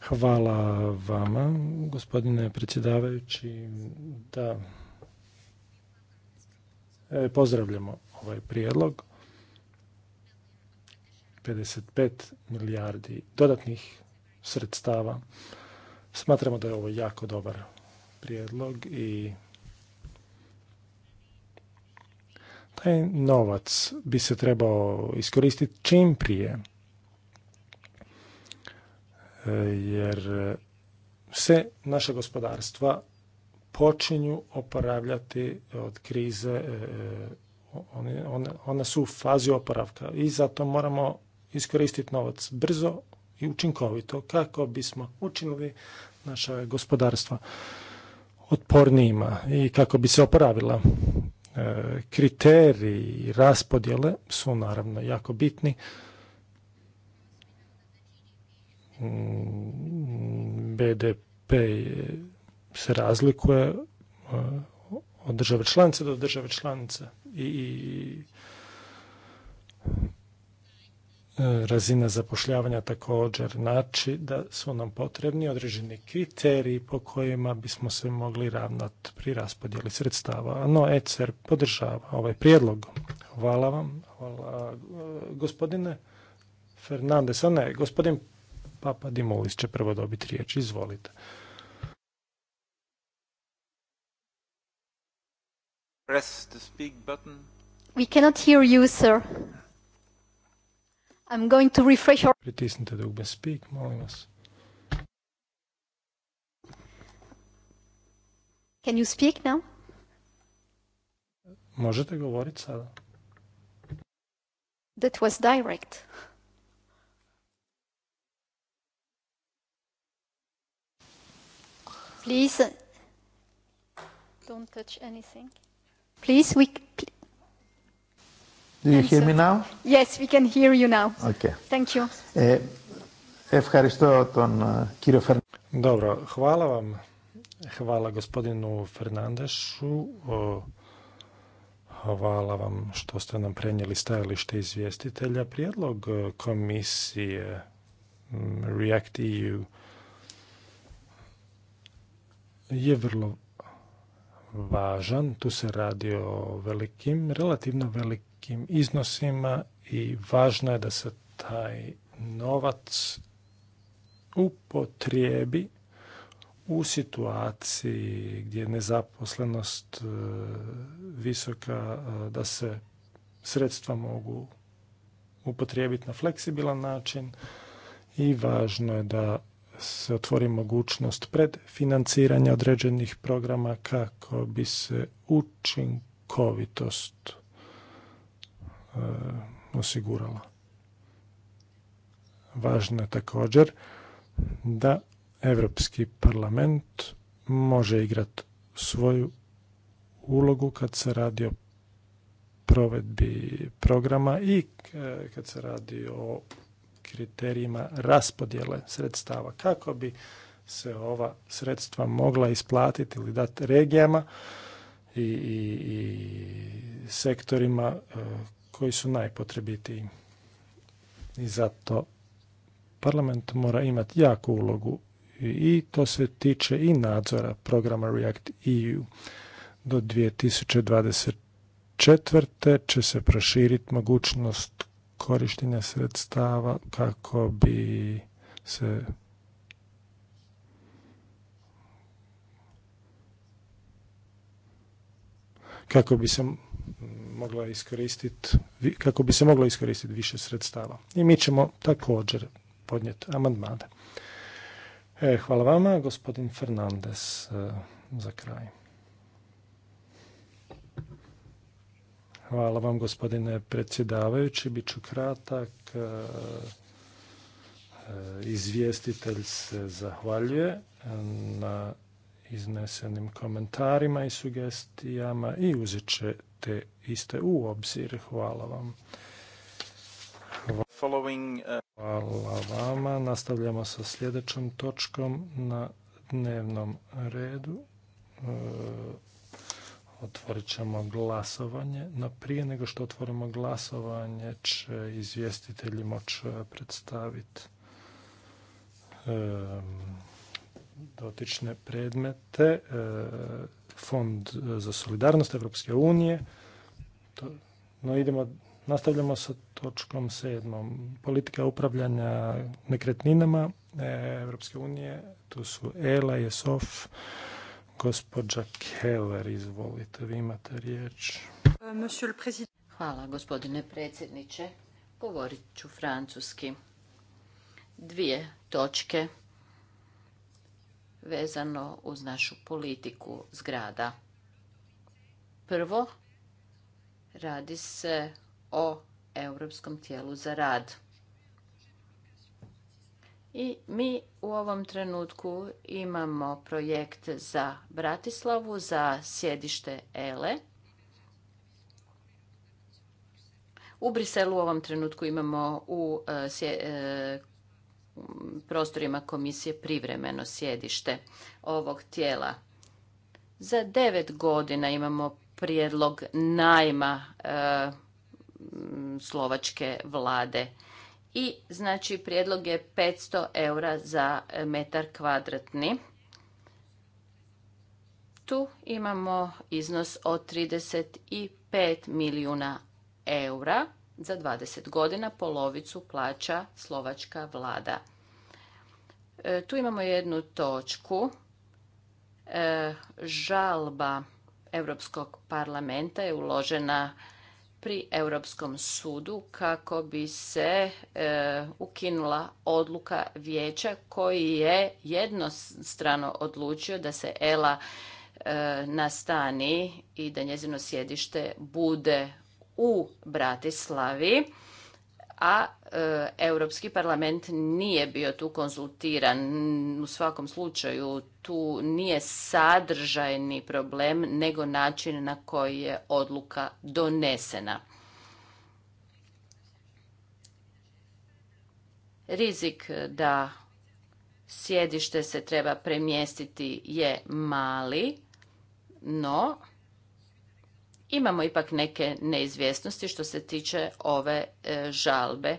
Hvala vama, gospodine predsjedavajući, da e, pozdravljamo ovaj prijedlog. 55 milijardi dodatnih sredstava. Smatramo da je ovo jako dobar prijedlog i taj novac bi se trebao iskoristiti čim prije. E, jer se naše gospodarstva počinju oporavljati od krize e, one, su u fazi oporavka i zato moramo iskoristiti novac brzo i učinkovito kako bismo učinili naše gospodarstva otpornijima i kako bi se oporavila. E, kriteriji raspodjele su naravno jako bitni. Mm, BDP se razlikuje e, od države članice do države članice i, i e, razina zapošljavanja također znači da su nam potrebni određeni kriteriji po kojima bismo se mogli ravnat pri raspodjeli sredstava. No, ECR podržava ovaj prijedlog. Hvala vam. Hvala. E, gospodine Fernandez, a ne, gospodin Papa Dimulis će prvo dobiti riječ. Izvolite. Press the speak button. We cannot hear you, sir. I'm going to refresh your... Pritisnite dok bez speak, molim vas. Can you speak now? Možete govoriti sada? That was direct.
Please, uh, don't touch anything.
Please, we... Do you hear me now? Yes, we can hear you now. Okay. Thank you. E, ευχαριστώ τον κύριο Φερνάνδες. Dobro, hvala vam. Hvala gospodinu Fernandešu. Hvala vam što ste nam prenijeli stajalište izvjestitelja. Prijedlog eh, komisije mm, React EU je vrlo važan. Tu se radi o velikim, relativno velikim iznosima i važno je da se taj novac upotrijebi u situaciji gdje je nezaposlenost e, visoka, e, da se sredstva mogu upotrijebiti na fleksibilan način i važno je da se otvori mogućnost predfinanciranja određenih programa kako bi se učinkovitost e, osigurala. Važno je također da Europski parlament može igrati svoju ulogu kad se radi o provedbi programa i e, kad se radi o kriterijima raspodjele sredstava kako bi se ova sredstva mogla isplatiti ili dati regijama i, i, i sektorima e, koji su najpotrebitiji. I zato parlament mora imati jaku ulogu i to se tiče i nadzora programa React EU. Do 2024. će se proširiti mogućnost korištenja sredstava kako bi se kako bi se mogla iskoristiti kako bi se moglo iskoristiti više sredstava. I mi ćemo također podnijeti amandmane. E, hvala vama, gospodin Fernandez e, za kraj. Hvala vam gospodine predsjedavajući, Biću kratak. E, e, izvjestitelj se zahvaljuje na iznesenim komentarima i sugestijama i uzet će te iste u obzir. Hvala vam. Uh, Hvala vama. Nastavljamo sa sljedećom točkom na dnevnom redu. E, Otvorit ćemo glasovanje, no prije nego što otvorimo glasovanje će izvjestitelji moći e, predstaviti dotične predmete. E, Fond e, za solidarnost Evropske unije. No idemo, nastavljamo sa točkom sedmom. Politika upravljanja nekretninama Evropske unije. Tu su ELA i ESOF Gospođa Keller, izvolite, vi imate riječ.
Hvala, gospodine predsjedniče. Govorit ću francuski. Dvije točke vezano uz našu politiku zgrada. Prvo, radi se o Europskom tijelu za rad. I mi u ovom trenutku imamo projekt za Bratislavu, za sjedište ELE. U Briselu u ovom trenutku imamo u e, e, prostorima komisije privremeno sjedište ovog tijela. Za devet godina imamo prijedlog najma e, slovačke vlade i znači prijedlog je 500 eura za e, metar kvadratni. Tu imamo iznos od 35 milijuna eura za 20 godina polovicu plaća slovačka vlada. E, tu imamo jednu točku e, žalba Europskog parlamenta je uložena pri Europskom sudu kako bi se e, ukinula odluka vijeća koji je jednostrano odlučio da se Ela e, nastani i da njezino sjedište bude u Bratislavi a e, Europski parlament nije bio tu konzultiran. U svakom slučaju tu nije sadržajni problem, nego način na koji je odluka donesena. Rizik da sjedište se treba premjestiti je mali, no imamo ipak neke neizvjesnosti što se tiče ove e, žalbe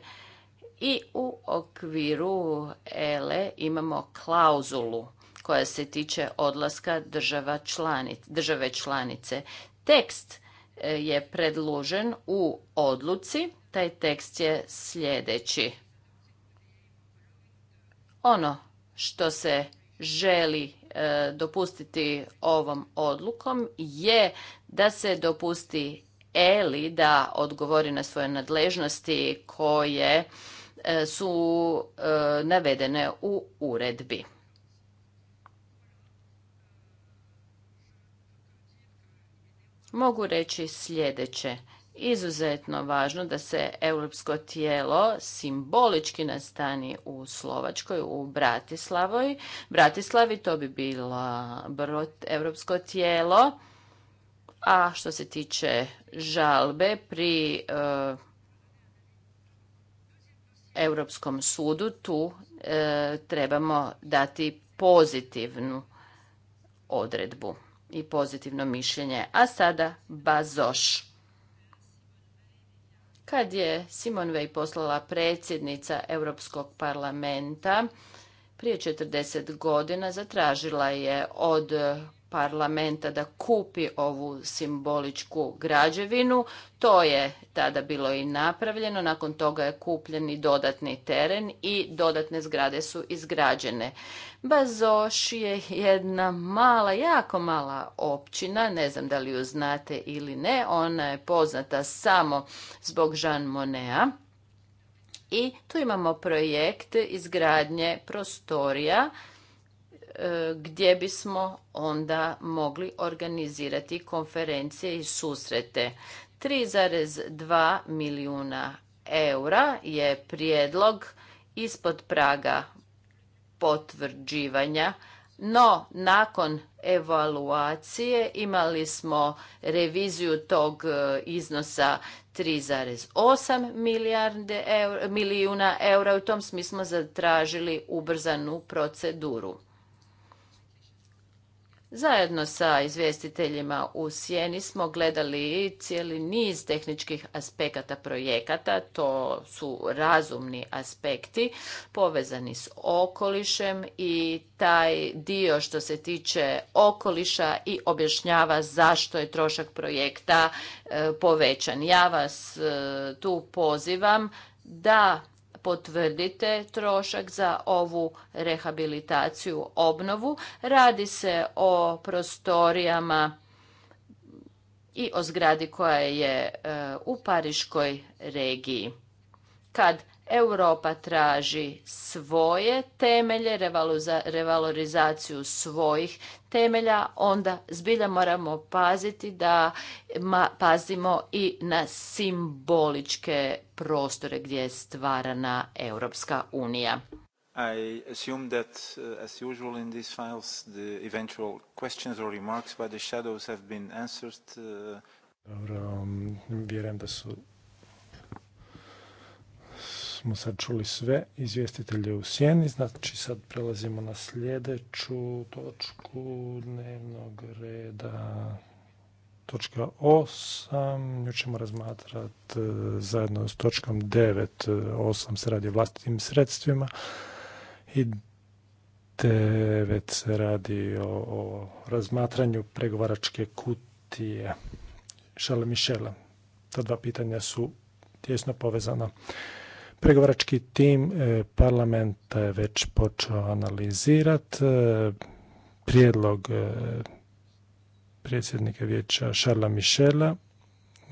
i u okviru ELE imamo klauzulu koja se tiče odlaska države članice. Tekst e, je predložen u odluci, taj tekst je sljedeći. Ono što se želi E, dopustiti ovom odlukom je da se dopusti Eli da odgovori na svoje nadležnosti koje e, su e, navedene u uredbi. Mogu reći sljedeće izuzetno važno da se europsko tijelo simbolički nastani u Slovačkoj, u Bratislavoj. Bratislavi to bi bilo europsko tijelo. A što se tiče žalbe pri e, Europskom sudu, tu e, trebamo dati pozitivnu odredbu i pozitivno mišljenje. A sada Bazoš. Kad je Simon Vej poslala predsjednica Europskog parlamenta prije 40 godina, zatražila je od parlamenta da kupi ovu simboličku građevinu. To je tada bilo i napravljeno, nakon toga je kupljen i dodatni teren i dodatne zgrade su izgrađene. Bazoš je jedna mala, jako mala općina, ne znam da li ju znate ili ne, ona je poznata samo zbog Jean Monea. I tu imamo projekt izgradnje prostorija E, gdje bismo onda mogli organizirati konferencije i susrete. 3,2 milijuna eura je prijedlog ispod praga potvrđivanja, no nakon evaluacije imali smo reviziju tog e, iznosa 3,8 milijuna eura. U tom smislu smo zatražili ubrzanu proceduru. Zajedno sa izvjestiteljima u Sjeni smo gledali cijeli niz tehničkih aspekata projekata, to su razumni aspekti povezani s okolišem i taj dio što se tiče okoliša i objašnjava zašto je trošak projekta e, povećan. Ja vas e, tu pozivam da potvrdite trošak za ovu rehabilitaciju, obnovu. Radi se o prostorijama i o zgradi koja je e, u Pariškoj regiji. Kad Europa traži svoje temelje, revalorizaciju svojih temelja, onda zbilja moramo paziti da pazimo i na simboličke prostore gdje je stvarana Europska unija.
I assume that, uh, as usual in these files, the eventual questions or remarks by the shadows have been answered. Uh... Dobro, um, vjerujem da su smo sad čuli sve izvjestitelje u sjeni, znači sad prelazimo na sljedeću točku dnevnog reda. Točka 8, nju ćemo razmatrati e, zajedno s točkom 9. 8 e, se radi o vlastitim sredstvima i 9 se radi o, razmatranju pregovaračke kutije Šale Mišela. Ta dva pitanja su tjesno povezana. Pregovarački tim e, parlamenta je već počeo analizirati prijedlog predsjednika vijeća Šarla Mišela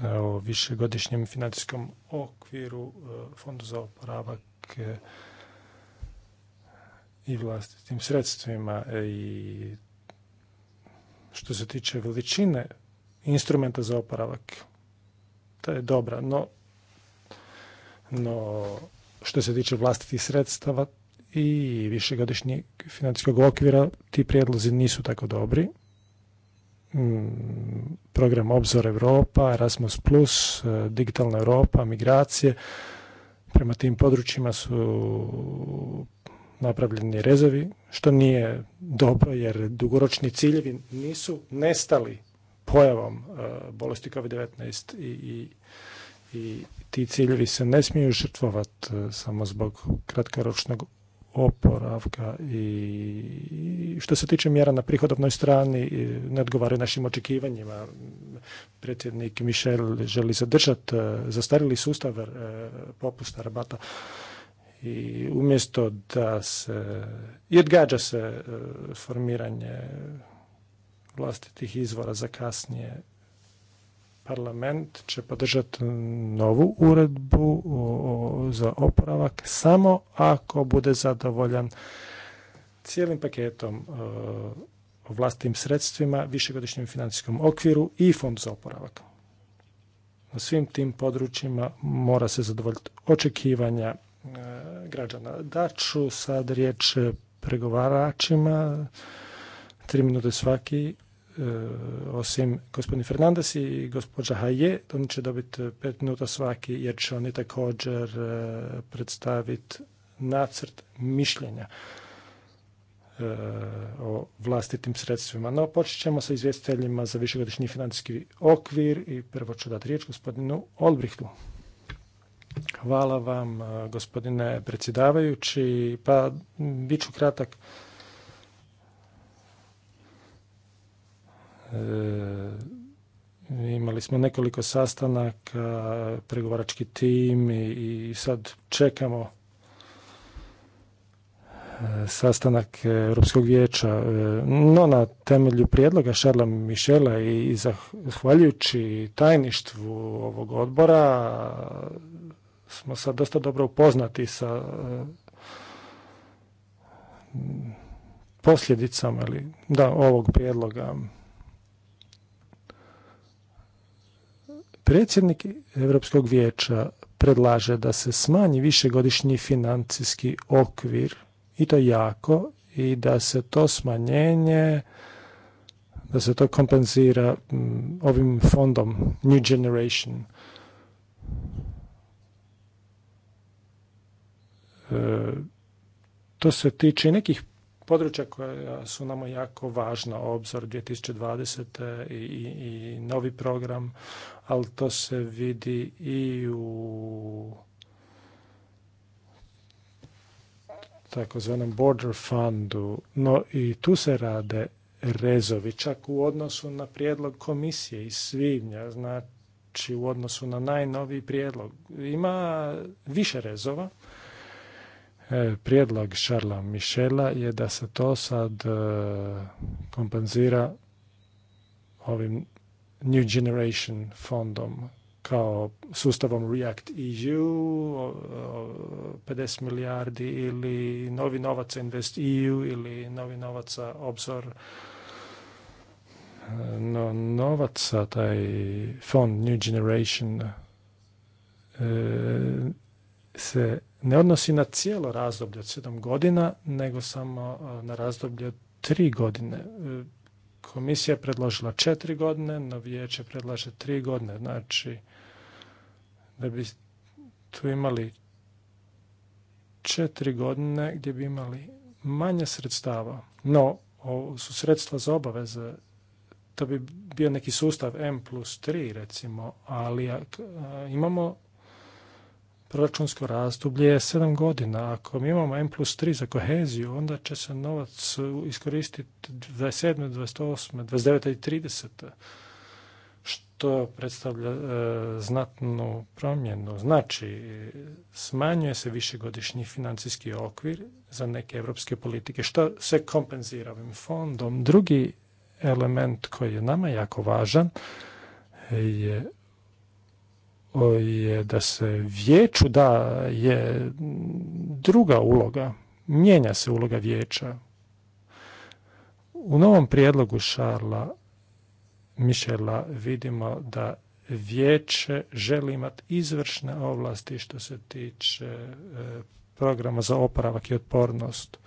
e, o višegodišnjem financijskom okviru e, Fondu za oporavak e, i vlastitim sredstvima i što se tiče veličine instrumenta za oporavak, to je dobra, no, no što se tiče vlastitih sredstava i višegodišnjeg financijskog okvira, ti prijedlozi nisu tako dobri. Mm, program Obzor Europa, Erasmus+, e, Digitalna Europa, migracije. Prema tim područjima su napravljeni rezovi, što nije dobro jer dugoročni ciljevi nisu nestali pojavom e, bolesti COVID-19 i, i, i ti ciljevi se ne smiju žrtvovati e, samo zbog kratkoročnog oporavka i što se tiče mjera na prihodovnoj strani ne odgovaraju našim očekivanjima. Predsjednik Michel želi zadržati e, zastarili sustav e, popusta rabata i umjesto da se i odgađa se e, formiranje vlastitih izvora za kasnije Parlament će podržati novu uredbu za oporavak samo ako bude zadovoljan cijelim paketom o e, vlastitim sredstvima, višegodišnjem financijskom okviru i fond za oporavak. Na svim tim područjima mora se zadovoljiti očekivanja e, građana. Daću sad riječ pregovaračima, tri minute svaki, E, osim gospodin Fernandes i gospođa Haje, oni će dobiti e, pet minuta svaki jer će oni također e, predstaviti nacrt mišljenja o vlastitim sredstvima. No, počet ćemo sa izvjestiteljima za višegodišnji financijski okvir i prvo ću dati riječ gospodinu Olbrihtu. Hvala vam, gospodine predsjedavajući. Pa, bit ću kratak E, imali smo nekoliko sastanaka, pregovarački tim i sad čekamo e, sastanak Europskog vijeća. E, no, na temelju prijedloga Šarla Mišela i zahvaljujući tajništvu ovog odbora smo sad dosta dobro upoznati sa posljedicama ili da, ovog prijedloga. Predsjednik Europskog vijeća predlaže da se smanji višegodišnji financijski okvir i to jako i da se to smanjenje da se to kompenzira mm, ovim fondom New Generation. E, to se tiče nekih područja koja su nama jako važna, obzor 2020. i, i, i novi program, ali to se vidi i u takozvanom border fundu, no i tu se rade rezovi, čak u odnosu na prijedlog komisije iz svibnja, znači u odnosu na najnoviji prijedlog. Ima više rezova, E, prijedlog Šarla Michela je da se to sad e, kompenzira ovim New Generation fondom kao sustavom React EU 50 milijardi ili novi novac Invest EU ili novi novaca Obzor e, no, novac taj fond New Generation se ne odnosi na cijelo razdoblje od sedam godina, nego samo e, na razdoblje od tri godine. E, komisija je predložila četiri godine, no vijeće predlaže tri godine. Znači, da bi tu imali četiri godine gdje bi imali manje sredstava, no su sredstva za obaveze to bi bio neki sustav M plus 3 recimo, ali imamo proračunsko razdoblje je 7 godina. Ako mi imamo M plus 3 za koheziju, onda će se novac iskoristiti 27, 28, 29 i 30 što predstavlja e, znatnu promjenu. Znači, smanjuje se višegodišnji financijski okvir za neke evropske politike, što se kompenzira ovim fondom. Drugi element koji je nama jako važan je je da se vijeću da je druga uloga, mijenja se uloga vijeća. U novom prijedlogu Šarla Mišela vidimo da vijeće želi imati izvršne ovlasti što se tiče e, programa za oporavak i otpornost.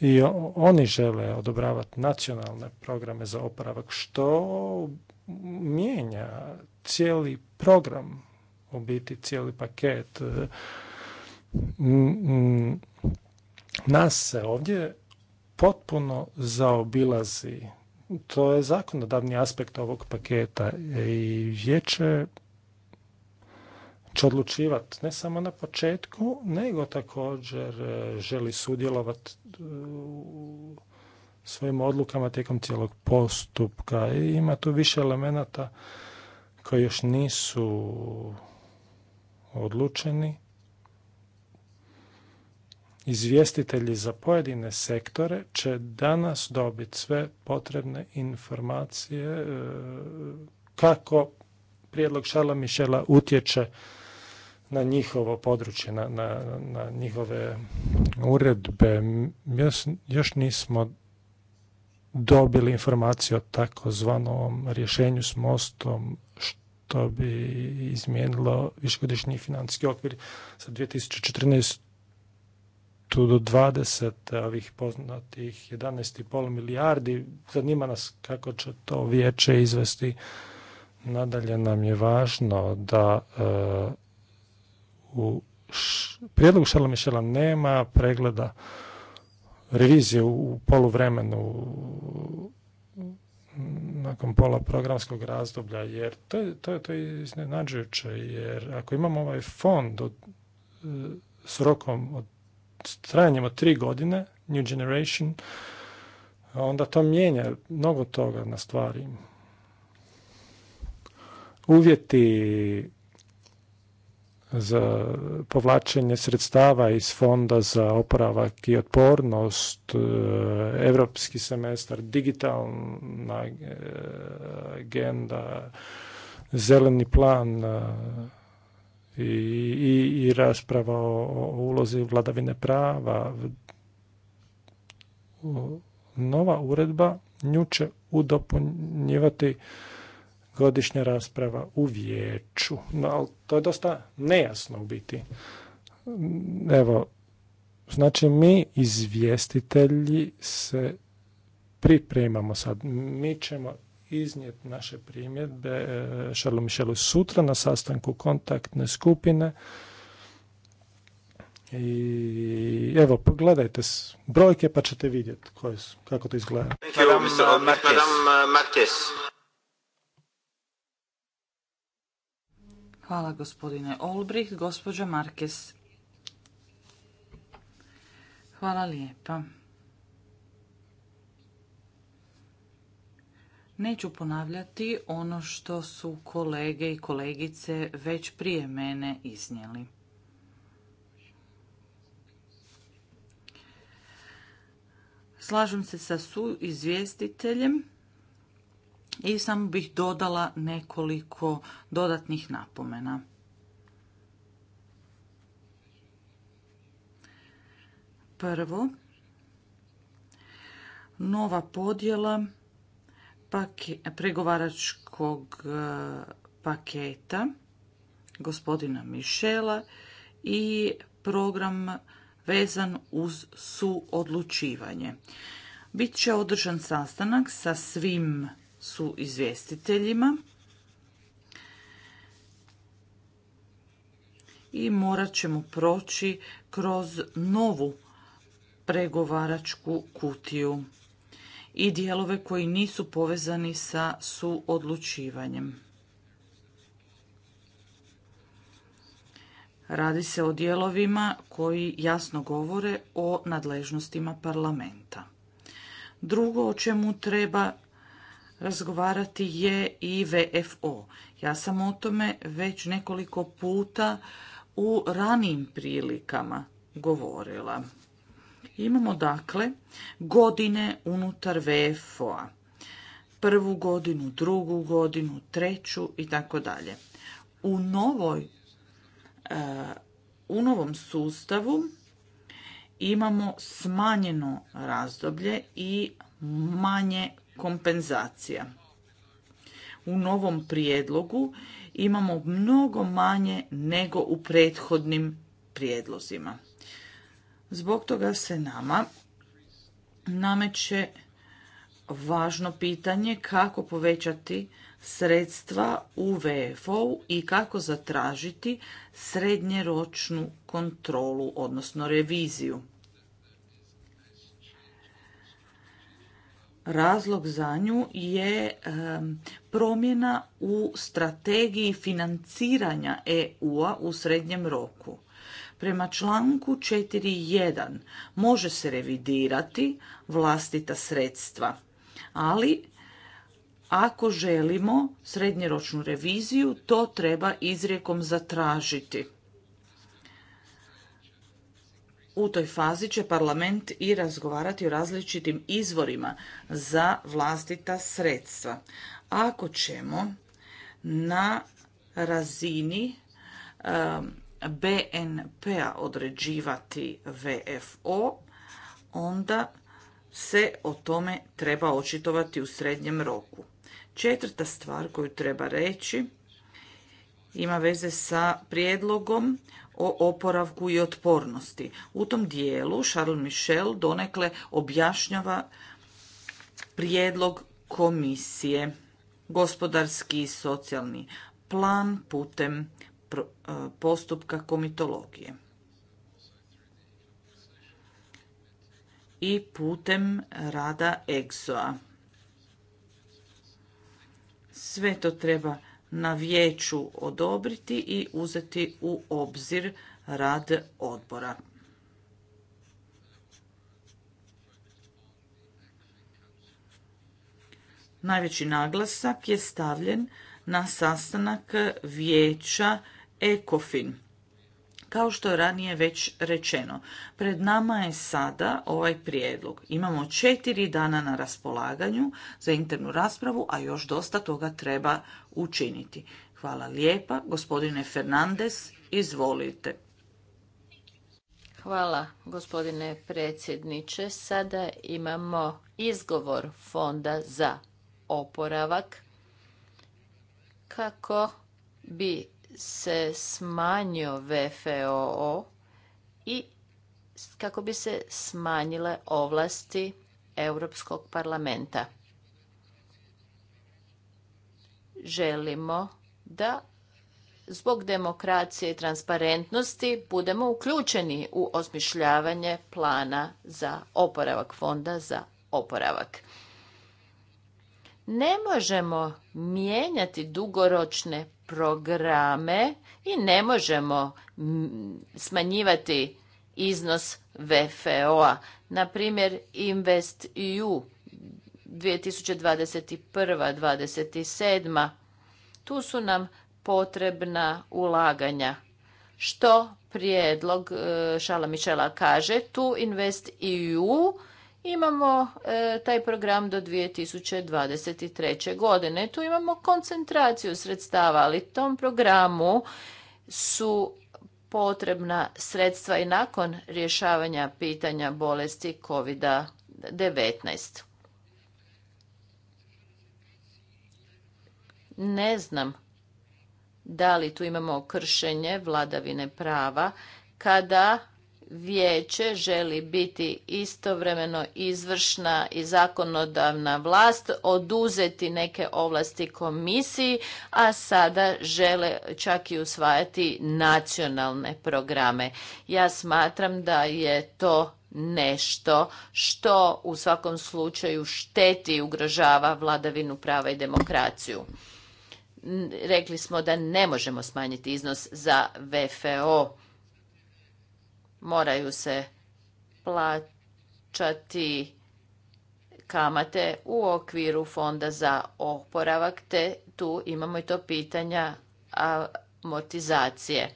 I oni žele odobravati nacionalne programe za oporavak, što mijenja cijeli program, u biti cijeli paket. E, nas se ovdje potpuno zaobilazi. To je zakonodavni aspekt ovog paketa i vijeće će odlučivati ne samo na početku, nego također e, želi sudjelovati e, u svojim odlukama tijekom cijelog postupka. I ima tu više elemenata koji još nisu odlučeni. Izvjestitelji za pojedine sektore će danas dobiti sve potrebne informacije e, kako prijedlog Šarla Mišela utječe na njihovo područje, na, na, na njihove uredbe. Još, još nismo dobili informaciju o takozvanom rješenju s mostom što bi izmijenilo višegodišnji financijski okvir sa 2014 do 20 ovih poznatih 11,5 milijardi. Zanima nas kako će to vijeće izvesti. Nadalje nam je važno da e, u prijedlogu Šarla Mišela nema pregleda revizije u poluvremenu nakon pola programskog razdoblja, jer to je, to, iznenađujuće, jer ako imamo ovaj fond s rokom od s trajanjem od tri godine, New Generation, onda to mijenja mnogo toga na stvari. Uvjeti za povlačenje sredstava iz fonda za oporavak i otpornost, Europski semestar, digitalna e, agenda, zeleni plan e, i, rasprava o, o ulozi vladavine prava. Nova uredba nju će udopunjivati godišnja rasprava u vijeću. No, to je dosta nejasno u biti. Mm, evo, znači mi izvjestitelji se pripremamo sad. Mi ćemo iznijeti naše primjedbe e, Šarlu Mišelu sutra na sastanku kontaktne skupine. I evo, pogledajte brojke pa ćete vidjeti kako to izgleda. Thank
Hvala gospodine Olbricht. Gospođa Markes. Hvala lijepa. Neću ponavljati ono što su kolege i kolegice već prije mene iznijeli. Slažem se sa suizvjestiteljem i samo bih dodala nekoliko dodatnih napomena. Prvo, nova podjela pregovaračkog eh, paketa gospodina Mišela i program vezan uz suodlučivanje. Bit će održan sastanak sa svim su izvjestiteljima. I morat ćemo proći kroz novu pregovaračku kutiju i dijelove koji nisu povezani sa suodlučivanjem. Radi se o dijelovima koji jasno govore o nadležnostima parlamenta. Drugo o čemu treba razgovarati je i VFO. Ja sam o tome već nekoliko puta u ranijim prilikama govorila. Imamo dakle godine unutar VFO-a. Prvu godinu, drugu godinu, treću i tako dalje. U novoj e, u novom sustavu imamo smanjeno razdoblje i manje kompenzacija. U novom prijedlogu imamo mnogo manje nego u prethodnim prijedlozima. Zbog toga se nama nameće važno pitanje kako povećati sredstva u VFO i kako zatražiti srednjeročnu kontrolu, odnosno reviziju. razlog za nju je promjena u strategiji financiranja EU-a u srednjem roku. Prema članku 4.1 može se revidirati vlastita sredstva, ali ako želimo srednjeročnu reviziju, to treba izrijekom zatražiti. U toj fazi će parlament i razgovarati o različitim izvorima za vlastita sredstva. Ako ćemo na razini um, BNP-a određivati VFO, onda se o tome treba očitovati u srednjem roku. Četvrta stvar koju treba reći ima veze sa prijedlogom o oporavku i otpornosti. U tom dijelu Charles Michel donekle objašnjava prijedlog komisije gospodarski i socijalni plan putem e, postupka komitologije i putem rada EXO-a. Sve to treba na vijeću odobriti i uzeti u obzir rad odbora. Najveći naglasak je stavljen na sastanak vijeća ECOFIN kao što je ranije već rečeno, pred nama je sada ovaj prijedlog. Imamo četiri dana na raspolaganju za internu raspravu, a još dosta toga treba učiniti. Hvala lijepa. Gospodine Fernandez, izvolite.
Hvala, gospodine predsjedniče. Sada imamo izgovor Fonda za oporavak kako bi se smanjio VFOO i kako bi se smanjile ovlasti Europskog parlamenta. Želimo da zbog demokracije i transparentnosti budemo uključeni u osmišljavanje plana za oporavak fonda za oporavak. Ne možemo mijenjati dugoročne programe i ne možemo smanjivati iznos VFO-a. Na primjer, Invest EU 2021-2027. Tu su nam potrebna ulaganja. Što prijedlog e, Šala Mišela kaže, tu Invest imamo e, taj program do 2023. godine. Tu imamo koncentraciju sredstava, ali tom programu su potrebna sredstva i nakon rješavanja pitanja bolesti COVID-19. Ne znam da li tu imamo kršenje vladavine prava kada vijeće želi biti istovremeno izvršna i zakonodavna vlast, oduzeti neke ovlasti komisiji, a sada žele čak i usvajati nacionalne programe. Ja smatram da je to nešto što u svakom slučaju šteti i ugrožava vladavinu prava i demokraciju. Rekli smo da ne možemo smanjiti iznos za VFO moraju se plaćati kamate u okviru fonda za oporavak, te tu imamo i to pitanja amortizacije.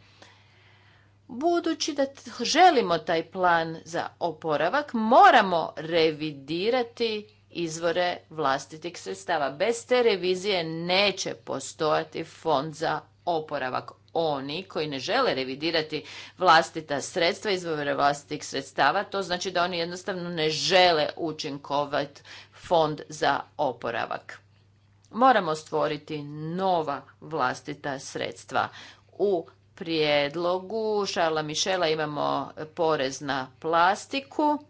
Budući da želimo taj plan za oporavak, moramo revidirati izvore vlastitih sredstava. Bez te revizije neće postojati fond za oporavak oni koji ne žele revidirati vlastita sredstva, izvore vlastitih sredstava, to znači da oni jednostavno ne žele učinkovati fond za oporavak. Moramo stvoriti nova vlastita sredstva. U prijedlogu Šarla Mišela imamo porez na plastiku.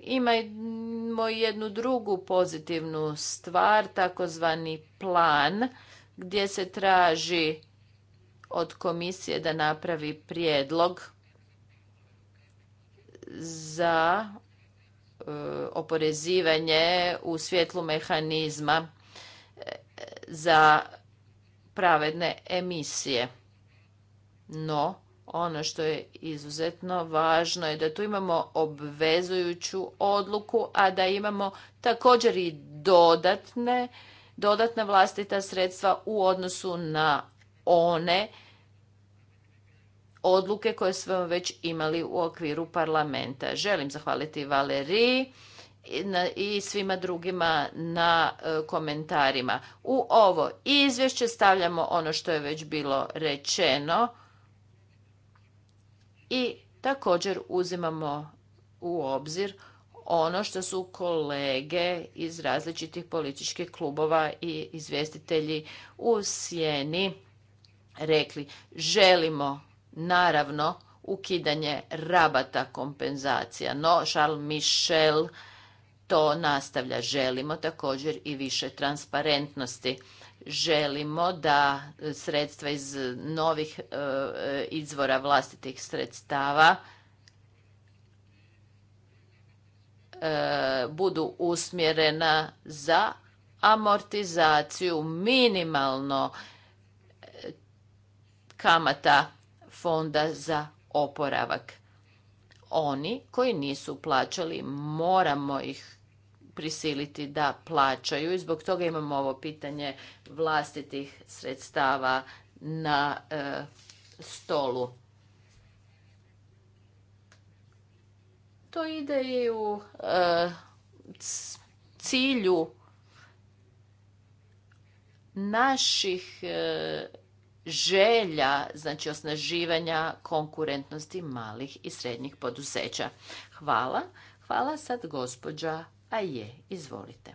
Imamo jednu drugu pozitivnu stvar, takozvani plan, gdje se traži od komisije da napravi prijedlog za e, oporezivanje u svjetlu mehanizma e, za pravedne emisije. No, ono što je izuzetno važno je da tu imamo obvezujuću odluku, a da imamo također i dodatne, dodatna vlastita sredstva u odnosu na one odluke koje smo već imali u okviru parlamenta. Želim zahvaliti Valeriji i svima drugima na e, komentarima. U ovo izvješće stavljamo ono što je već bilo rečeno i također uzimamo u obzir ono što su kolege iz različitih političkih klubova i izvjestitelji u sjeni rekli želimo naravno ukidanje rabata kompenzacija, no Charles Michel to nastavlja. Želimo također i više transparentnosti. Želimo da sredstva iz novih e, izvora vlastitih sredstava e, budu usmjerena za amortizaciju minimalno kamata fonda za oporavak. Oni koji nisu plaćali, moramo ih prisiliti da plaćaju i zbog toga imamo ovo pitanje vlastitih sredstava na e, stolu. To ide i u e, cilju naših e, želja, znači osnaživanja konkurentnosti malih i srednjih poduzeća. Hvala. Hvala sad gospođa Aje. Izvolite.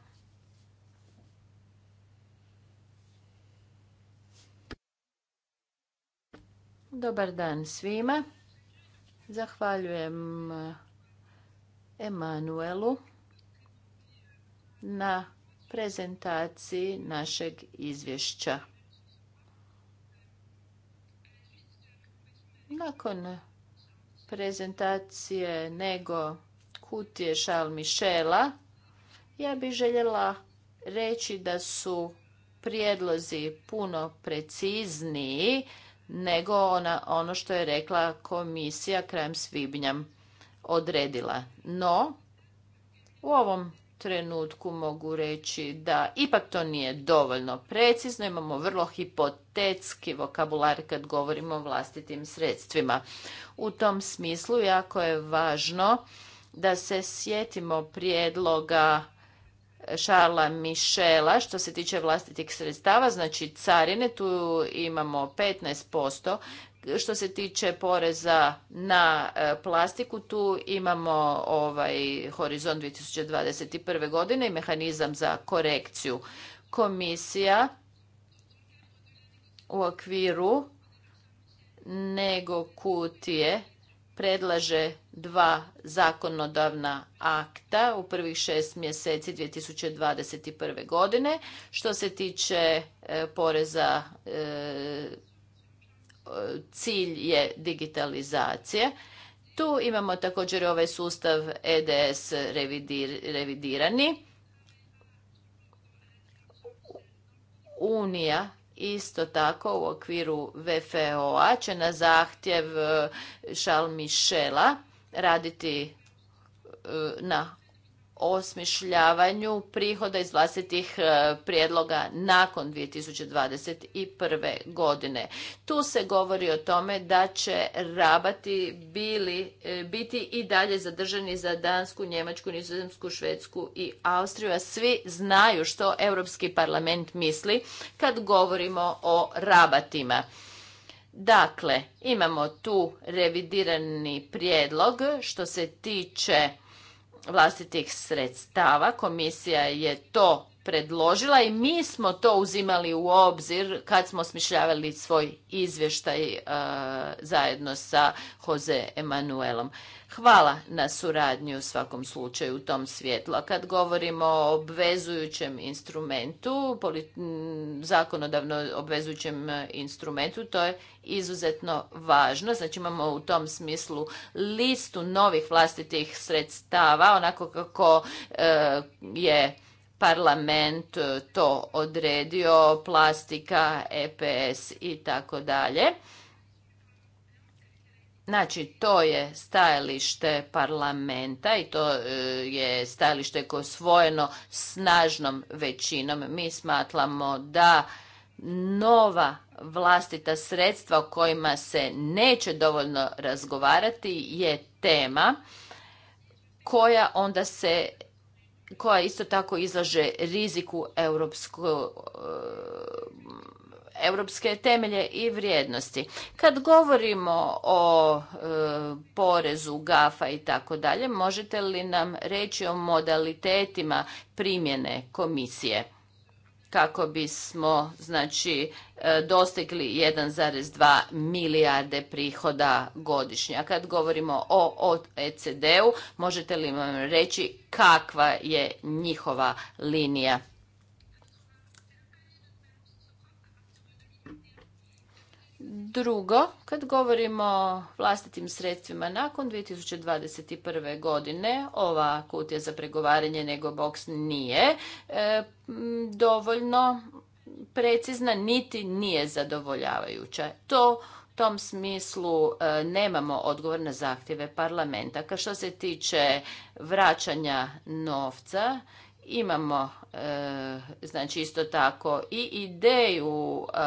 Dobar dan svima. Zahvaljujem Emanuelu na prezentaciji našeg izvješća. Nakon prezentacije nego kutije Charles Michela, ja bih željela reći da su prijedlozi puno precizniji nego ona, ono što je rekla komisija krajem svibnja odredila. No, u ovom trenutku mogu reći da ipak to nije dovoljno precizno, imamo vrlo hipotetski vokabular kad govorimo o vlastitim sredstvima. U tom smislu jako je važno da se sjetimo prijedloga Šarla Mišela što se tiče vlastitih sredstava, znači carine, tu imamo 15%, što se tiče poreza na e, plastiku, tu imamo ovaj horizont 2021. godine i mehanizam za korekciju. Komisija u okviru nego kutije predlaže dva zakonodavna akta u prvih šest mjeseci 2021. godine. Što se tiče e, poreza e, cilj je digitalizacije. Tu imamo također ovaj sustav EDS revidirani. Unija isto tako u okviru vfo će na zahtjev e, Charles raditi e, na osmišljavanju prihoda iz vlastitih e, prijedloga nakon 2021. godine. Tu se govori o tome da će rabati bili, e, biti i dalje zadržani za Dansku, Njemačku, Nizozemsku, Švedsku i Austriju, a svi znaju što Europski parlament misli kad govorimo o rabatima. Dakle, imamo tu revidirani prijedlog što se tiče vlastitih sredstava. Komisija je to predložila i mi smo to uzimali u obzir kad smo smišljavali svoj izvještaj e, zajedno sa Jose Emanuelom. Hvala na suradnju u svakom slučaju u tom svjetlu. A kad govorimo o obvezujućem instrumentu, zakonodavno obvezujućem e, instrumentu, to je izuzetno važno. Znači imamo u tom smislu listu novih vlastitih sredstava, onako kako e, je parlament e, to odredio, plastika, EPS i tako dalje. Znači, to je stajalište parlamenta i to e, je stajalište koje je osvojeno snažnom većinom. Mi smatlamo da nova vlastita sredstva o kojima se neće dovoljno razgovarati je tema koja onda se koja isto tako izlaže riziku eh, europske temelje i vrijednosti. Kad govorimo o eh, porezu GAFA i tako dalje, možete li nam reći o modalitetima primjene komisije? kako bismo znači e, dostigli 1,2 milijarde prihoda godišnje. A kad govorimo o oecd u možete li vam reći kakva je njihova linija Drugo, kad govorimo o vlastitim sredstvima nakon 2021. godine, ova kutija za pregovaranje nego boks nije e, dovoljno precizna, niti nije zadovoljavajuća. To u tom smislu e, nemamo odgovor na zahtjeve parlamenta. Ka što se tiče vraćanja novca, imamo E, znači isto tako i ideju e,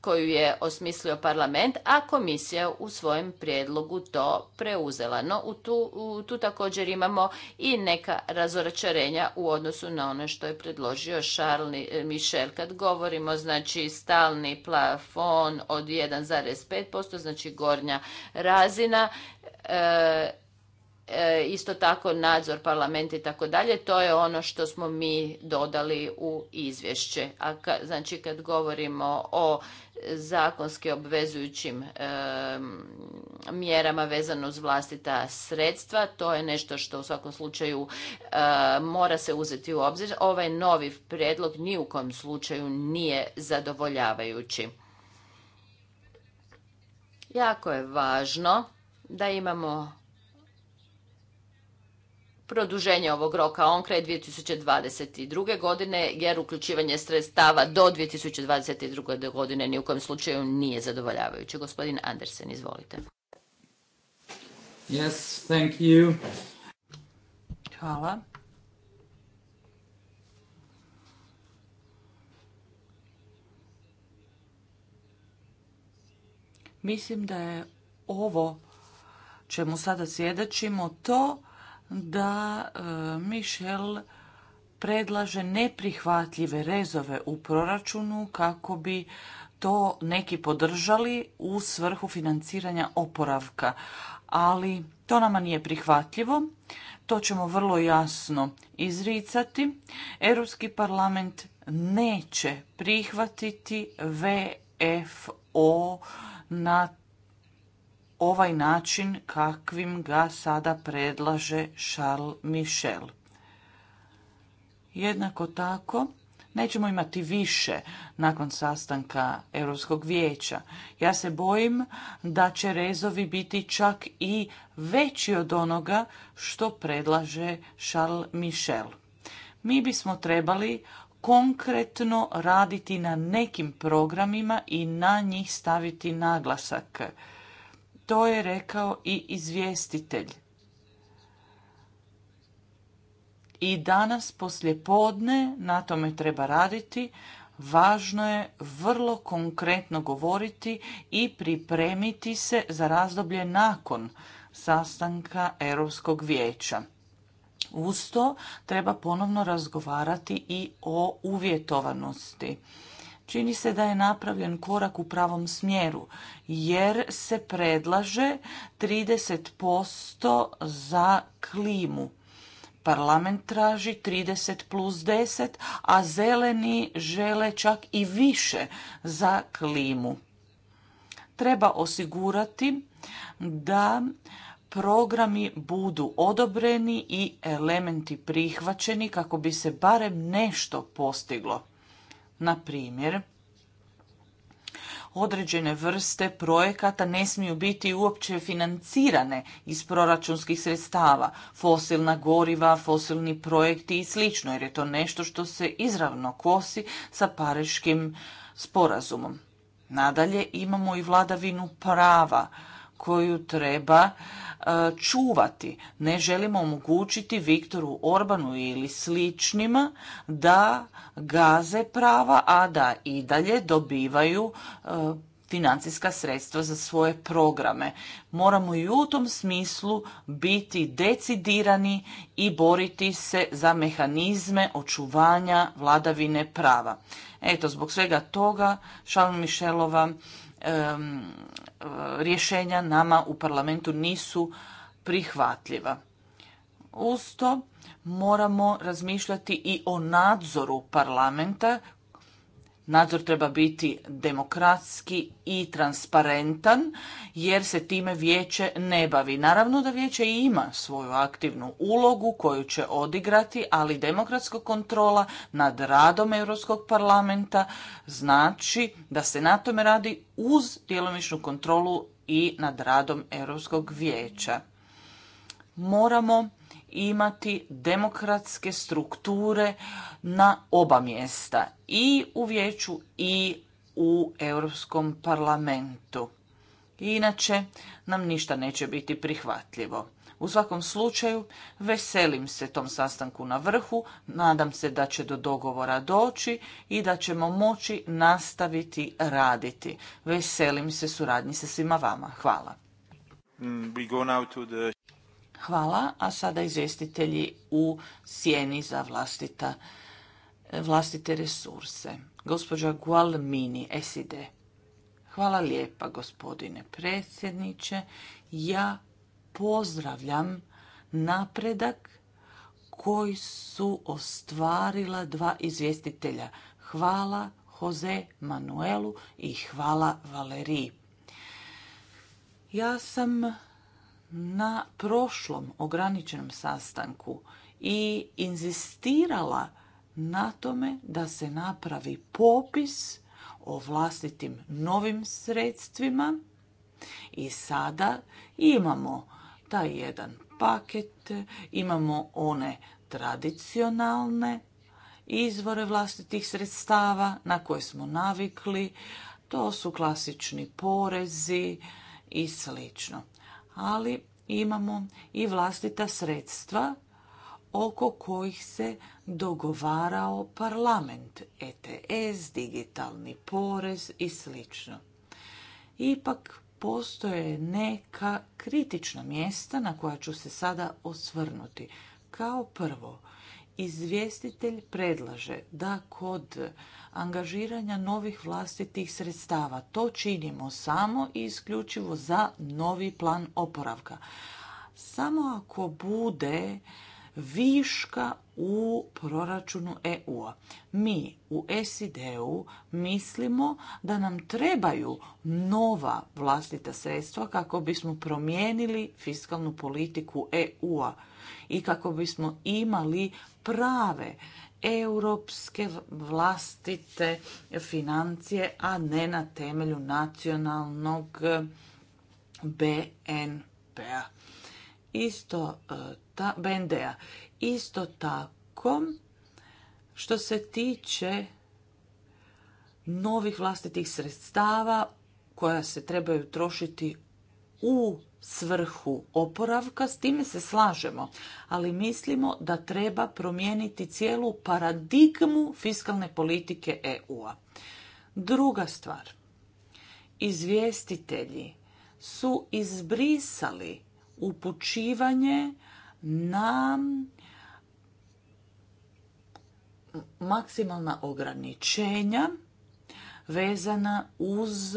koju je osmislio parlament, a komisija u svojem prijedlogu to preuzela. No, tu, tu također imamo i neka razoračarenja u odnosu na ono što je predložio Charles e, Michel. Kad govorimo, znači, stalni plafon od 1,5%, znači gornja razina, E, isto tako nadzor parlamenta i tako dalje. To je ono što smo mi dodali u izvješće. A znači kad govorimo o zakonski obvezujućim e, mjerama vezano uz vlastita sredstva, to je nešto što u svakom slučaju e, mora se uzeti u obzir. Ovaj novi prijedlog ni u kojem slučaju nije zadovoljavajući. Jako je važno da imamo produženje ovog roka on kraj 2022. godine jer uključivanje sredstava do 2022. godine ni u kojem slučaju nije zadovoljavajuće. Gospodin Andersen, izvolite.
Yes, thank you. Hvala. Mislim da je ovo čemu sada svjedočimo to da e, Michel predlaže neprihvatljive rezove u proračunu kako bi to neki podržali u svrhu financiranja oporavka. Ali to nama nije prihvatljivo, to ćemo vrlo jasno izricati. Europski parlament neće prihvatiti VFO na ovaj način kakvim ga sada predlaže Charles Michel. Jednako tako, nećemo imati više nakon sastanka Europskog vijeća. Ja se bojim da će rezovi biti čak i veći od onoga što predlaže Charles Michel. Mi bismo trebali konkretno raditi na nekim programima i na njih staviti naglasak to je rekao i izvjestitelj. I danas poslje podne na tome treba raditi. Važno je vrlo konkretno govoriti i pripremiti se za razdoblje nakon sastanka Europskog vijeća. Uz to treba ponovno razgovarati i o uvjetovanosti čini se da je napravljen korak u pravom smjeru jer se predlaže 30% za klimu. Parlament traži 30 plus 10, a zeleni žele čak i više za klimu. Treba osigurati da programi budu odobreni i elementi prihvaćeni kako bi se barem nešto postiglo. Na primjer, određene vrste projekata ne smiju biti uopće financirane iz proračunskih sredstava, fosilna goriva, fosilni projekti i sl. jer je to nešto što se izravno kosi sa pariškim sporazumom. Nadalje imamo i vladavinu prava koju treba e, čuvati. Ne želimo omogućiti Viktoru Orbanu ili sličnima da gaze prava, a da i dalje dobivaju e, financijska sredstva za svoje programe. Moramo i u tom smislu biti decidirani i boriti se za mehanizme očuvanja vladavine prava. Eto, zbog svega toga Šal Mišelova rješenja nama u parlamentu nisu prihvatljiva. Uz to moramo razmišljati i o nadzoru parlamenta Nadzor treba biti demokratski i transparentan jer se time vijeće ne bavi. Naravno da vijeće ima svoju aktivnu ulogu koju će odigrati, ali demokratska kontrola nad radom Europskog parlamenta znači da se na tome radi uz djelomičnu kontrolu i nad radom Europskog vijeća. Moramo imati demokratske strukture na oba mjesta i u vijeću i u Europskom parlamentu. Inače nam ništa neće biti prihvatljivo. U svakom slučaju, veselim se tom sastanku na vrhu, nadam se da će do dogovora doći i da ćemo moći nastaviti raditi. Veselim se suradnji sa svima vama. Hvala. Mm, Hvala, a sada izvjestitelji u sjeni za vlastita, vlastite resurse. Gospođa Gualmini, SID. Hvala lijepa, gospodine predsjedniče. Ja pozdravljam napredak koji su ostvarila dva izvjestitelja. Hvala Jose Manuelu i hvala Valeriji. Ja sam na prošlom ograničenom sastanku i inzistirala na tome da se napravi popis o vlastitim novim sredstvima i sada imamo taj jedan paket, imamo one tradicionalne izvore vlastitih sredstava na koje smo navikli, to su klasični porezi i slično ali imamo i vlastita sredstva oko kojih se dogovarao parlament, ETS, digitalni porez i sl. Ipak postoje neka kritična mjesta na koja ću se sada osvrnuti. Kao prvo, izvjestitelj predlaže da kod angažiranja novih vlastitih sredstava to činimo samo i isključivo za novi plan oporavka. Samo ako bude viška u proračunu EU-a. Mi u SID-u mislimo da nam trebaju nova vlastita sredstva kako bismo promijenili fiskalnu politiku EU-a i kako bismo imali prave europske vlastite financije, a ne na temelju nacionalnog BNP-a. Isto e, ta BND-a. Isto tako, što se tiče novih vlastitih sredstava koja se trebaju trošiti u svrhu oporavka, s time se slažemo, ali mislimo da treba promijeniti cijelu paradigmu fiskalne politike EU-a. Druga stvar, izvjestitelji su izbrisali upućivanje na maksimalna ograničenja vezana uz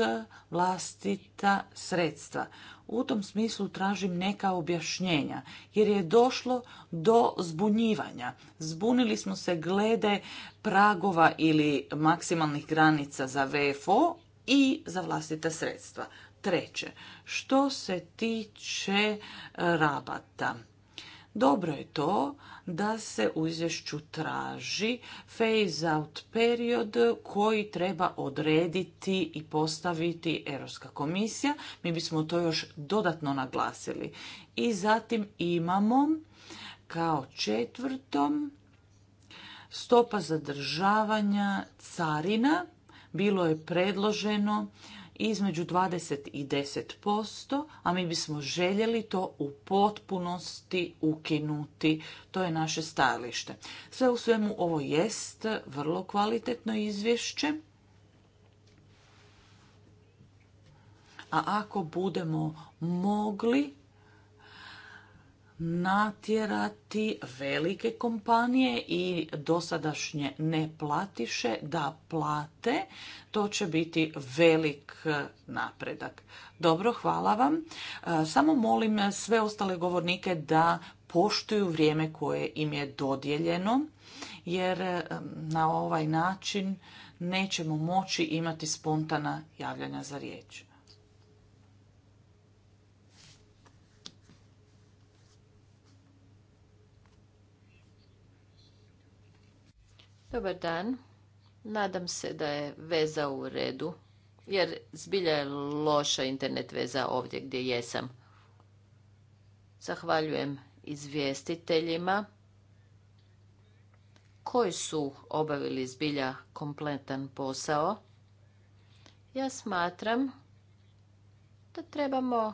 vlastita sredstva. U tom smislu tražim neka objašnjenja jer je došlo do zbunjivanja. Zbunili smo se glede pragova ili maksimalnih granica za VFO i za vlastita sredstva. Treće, što se tiče rabata dobro je to da se u izvješću traži phase-out period koji treba odrediti i postaviti Europska komisija. Mi bismo to još dodatno naglasili. I zatim imamo kao četvrtom stopa zadržavanja carina. Bilo je predloženo između 20 i 10%, a mi bismo željeli to u potpunosti ukinuti. To je naše stajalište. Sve u svemu ovo jest vrlo kvalitetno izvješće. A ako budemo mogli natjerati velike kompanije i dosadašnje neplatiše da plate. To će biti velik eh, napredak. Dobro, hvala vam. Eh, samo molim sve ostale govornike da poštuju vrijeme koje im je dodijeljeno, jer eh, na ovaj način nećemo moći imati spontana javljanja za riječ.
Dobar dan. Nadam se da je veza u redu, jer zbilja je loša internet veza ovdje gdje jesam. Zahvaljujem izvjestiteljima koji su obavili zbilja kompletan posao. Ja smatram da trebamo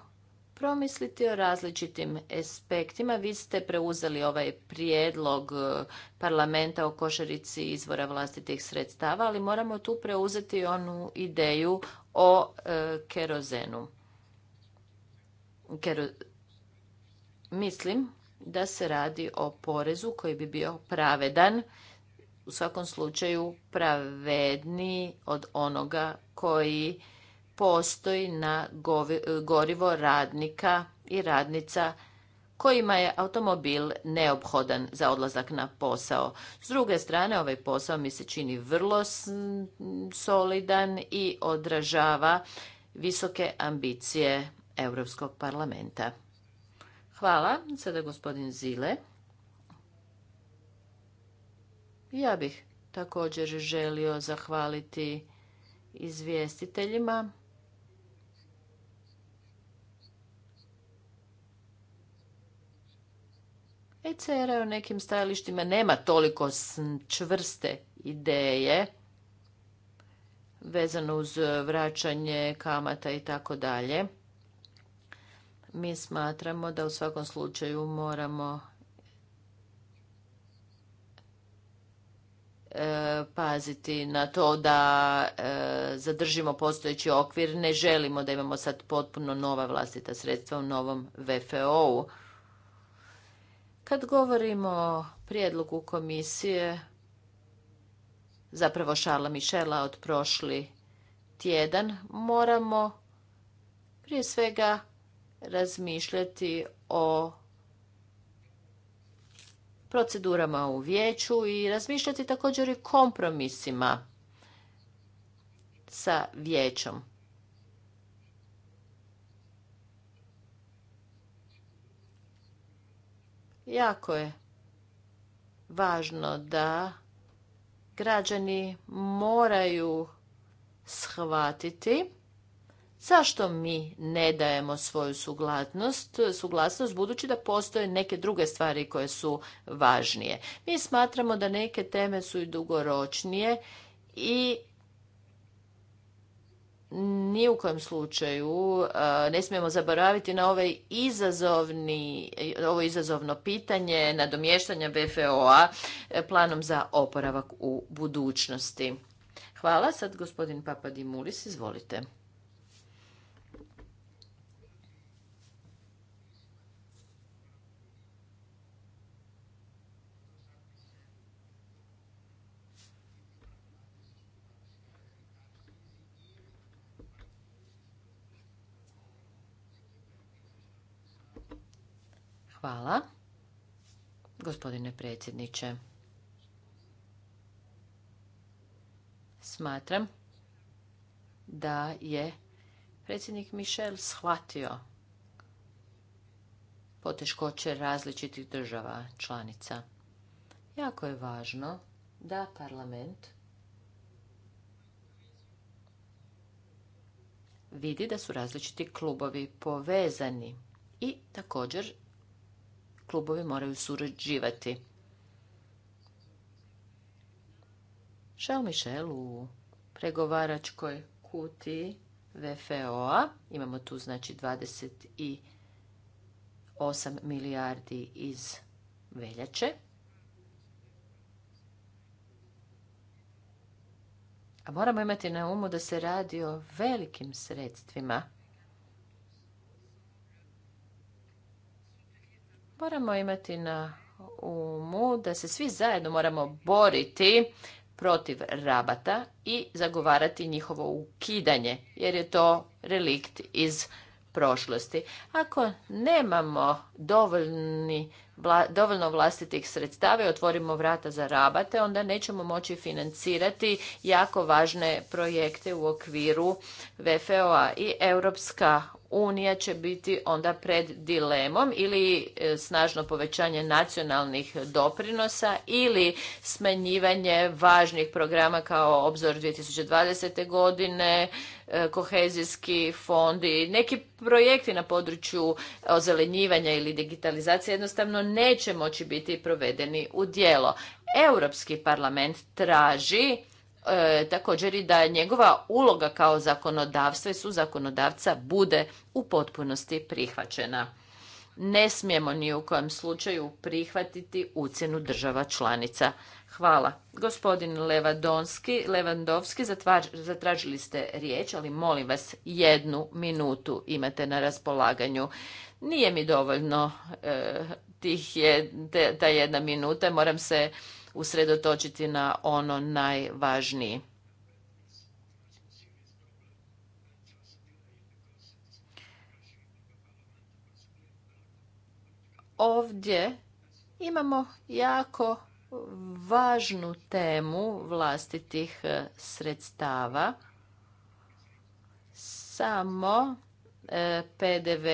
promisliti o različitim aspektima. Vi ste preuzeli ovaj prijedlog e, parlamenta o košarici izvora vlastitih sredstava, ali moramo tu preuzeti onu ideju o e, kerozenu. Kero... Mislim da se radi o porezu koji bi bio pravedan, u svakom slučaju pravedniji od onoga koji postoji na gorivo radnika i radnica kojima je automobil neophodan za odlazak na posao. S druge strane, ovaj posao mi se čini vrlo solidan i odražava visoke ambicije Europskog parlamenta. Hvala. Sada gospodin Zile. Ja bih također želio zahvaliti izvjestiteljima ECR u nekim stajalištima nema toliko čvrste ideje vezano uz e, vraćanje kamata i tako dalje. Mi smatramo da u svakom slučaju moramo e, paziti na to da e, zadržimo postojeći okvir. Ne želimo da imamo sad potpuno nova vlastita sredstva u novom VFO-u. Kad govorimo o prijedlogu komisije, zapravo Šarla Mišela od prošli tjedan, moramo prije svega razmišljati o procedurama u vijeću i razmišljati također i kompromisima sa vijećom. Jako je važno da građani moraju shvatiti zašto mi ne dajemo svoju suglasnost, suglasnost budući da postoje neke druge stvari koje su važnije. Mi smatramo da neke teme su i dugoročnije i ni u kojem slučaju ne smijemo zaboraviti na ovaj izazovni, ovo izazovno pitanje nadomještanja BFOA e, planom za oporavak u budućnosti. Hvala. Sad gospodin Papadimulis, izvolite. Hvala, gospodine predsjedniče. Smatram da je predsjednik Mišel shvatio poteškoće različitih država članica. Jako je važno da parlament vidi da su različiti klubovi povezani i također klubovi moraju surađivati. Charles Michel u pregovaračkoj kuti VFO-a, imamo tu znači 28 milijardi iz veljače, A moramo imati na umu da se radi o velikim sredstvima. Moramo imati na umu da se svi zajedno moramo boriti protiv rabata i zagovarati njihovo ukidanje, jer je to relikt iz prošlosti. Ako nemamo dovoljno vlastitih sredstava i otvorimo vrata za rabate, onda nećemo moći financirati jako važne projekte u okviru VFO-a i Europska Unija će biti onda pred dilemom ili e, snažno povećanje nacionalnih doprinosa ili smanjivanje važnih programa kao obzor 2020. godine, e, kohezijski fondi, neki projekti na području ozelenjivanja ili digitalizacije jednostavno neće moći biti provedeni u djelo. Europski parlament traži e, također i da njegova uloga kao zakonodavstva i su zakonodavca bude u potpunosti prihvaćena. Ne smijemo ni u kojem slučaju prihvatiti ucjenu država članica. Hvala. Gospodin Levadonski, Levandovski, zatražili ste riječ, ali molim vas jednu minutu imate na raspolaganju. Nije mi dovoljno e, tih je, ta jedna minuta, moram se usredotočiti na ono najvažnije. Ovdje imamo jako važnu temu vlastitih eh, sredstava. Samo E, PDV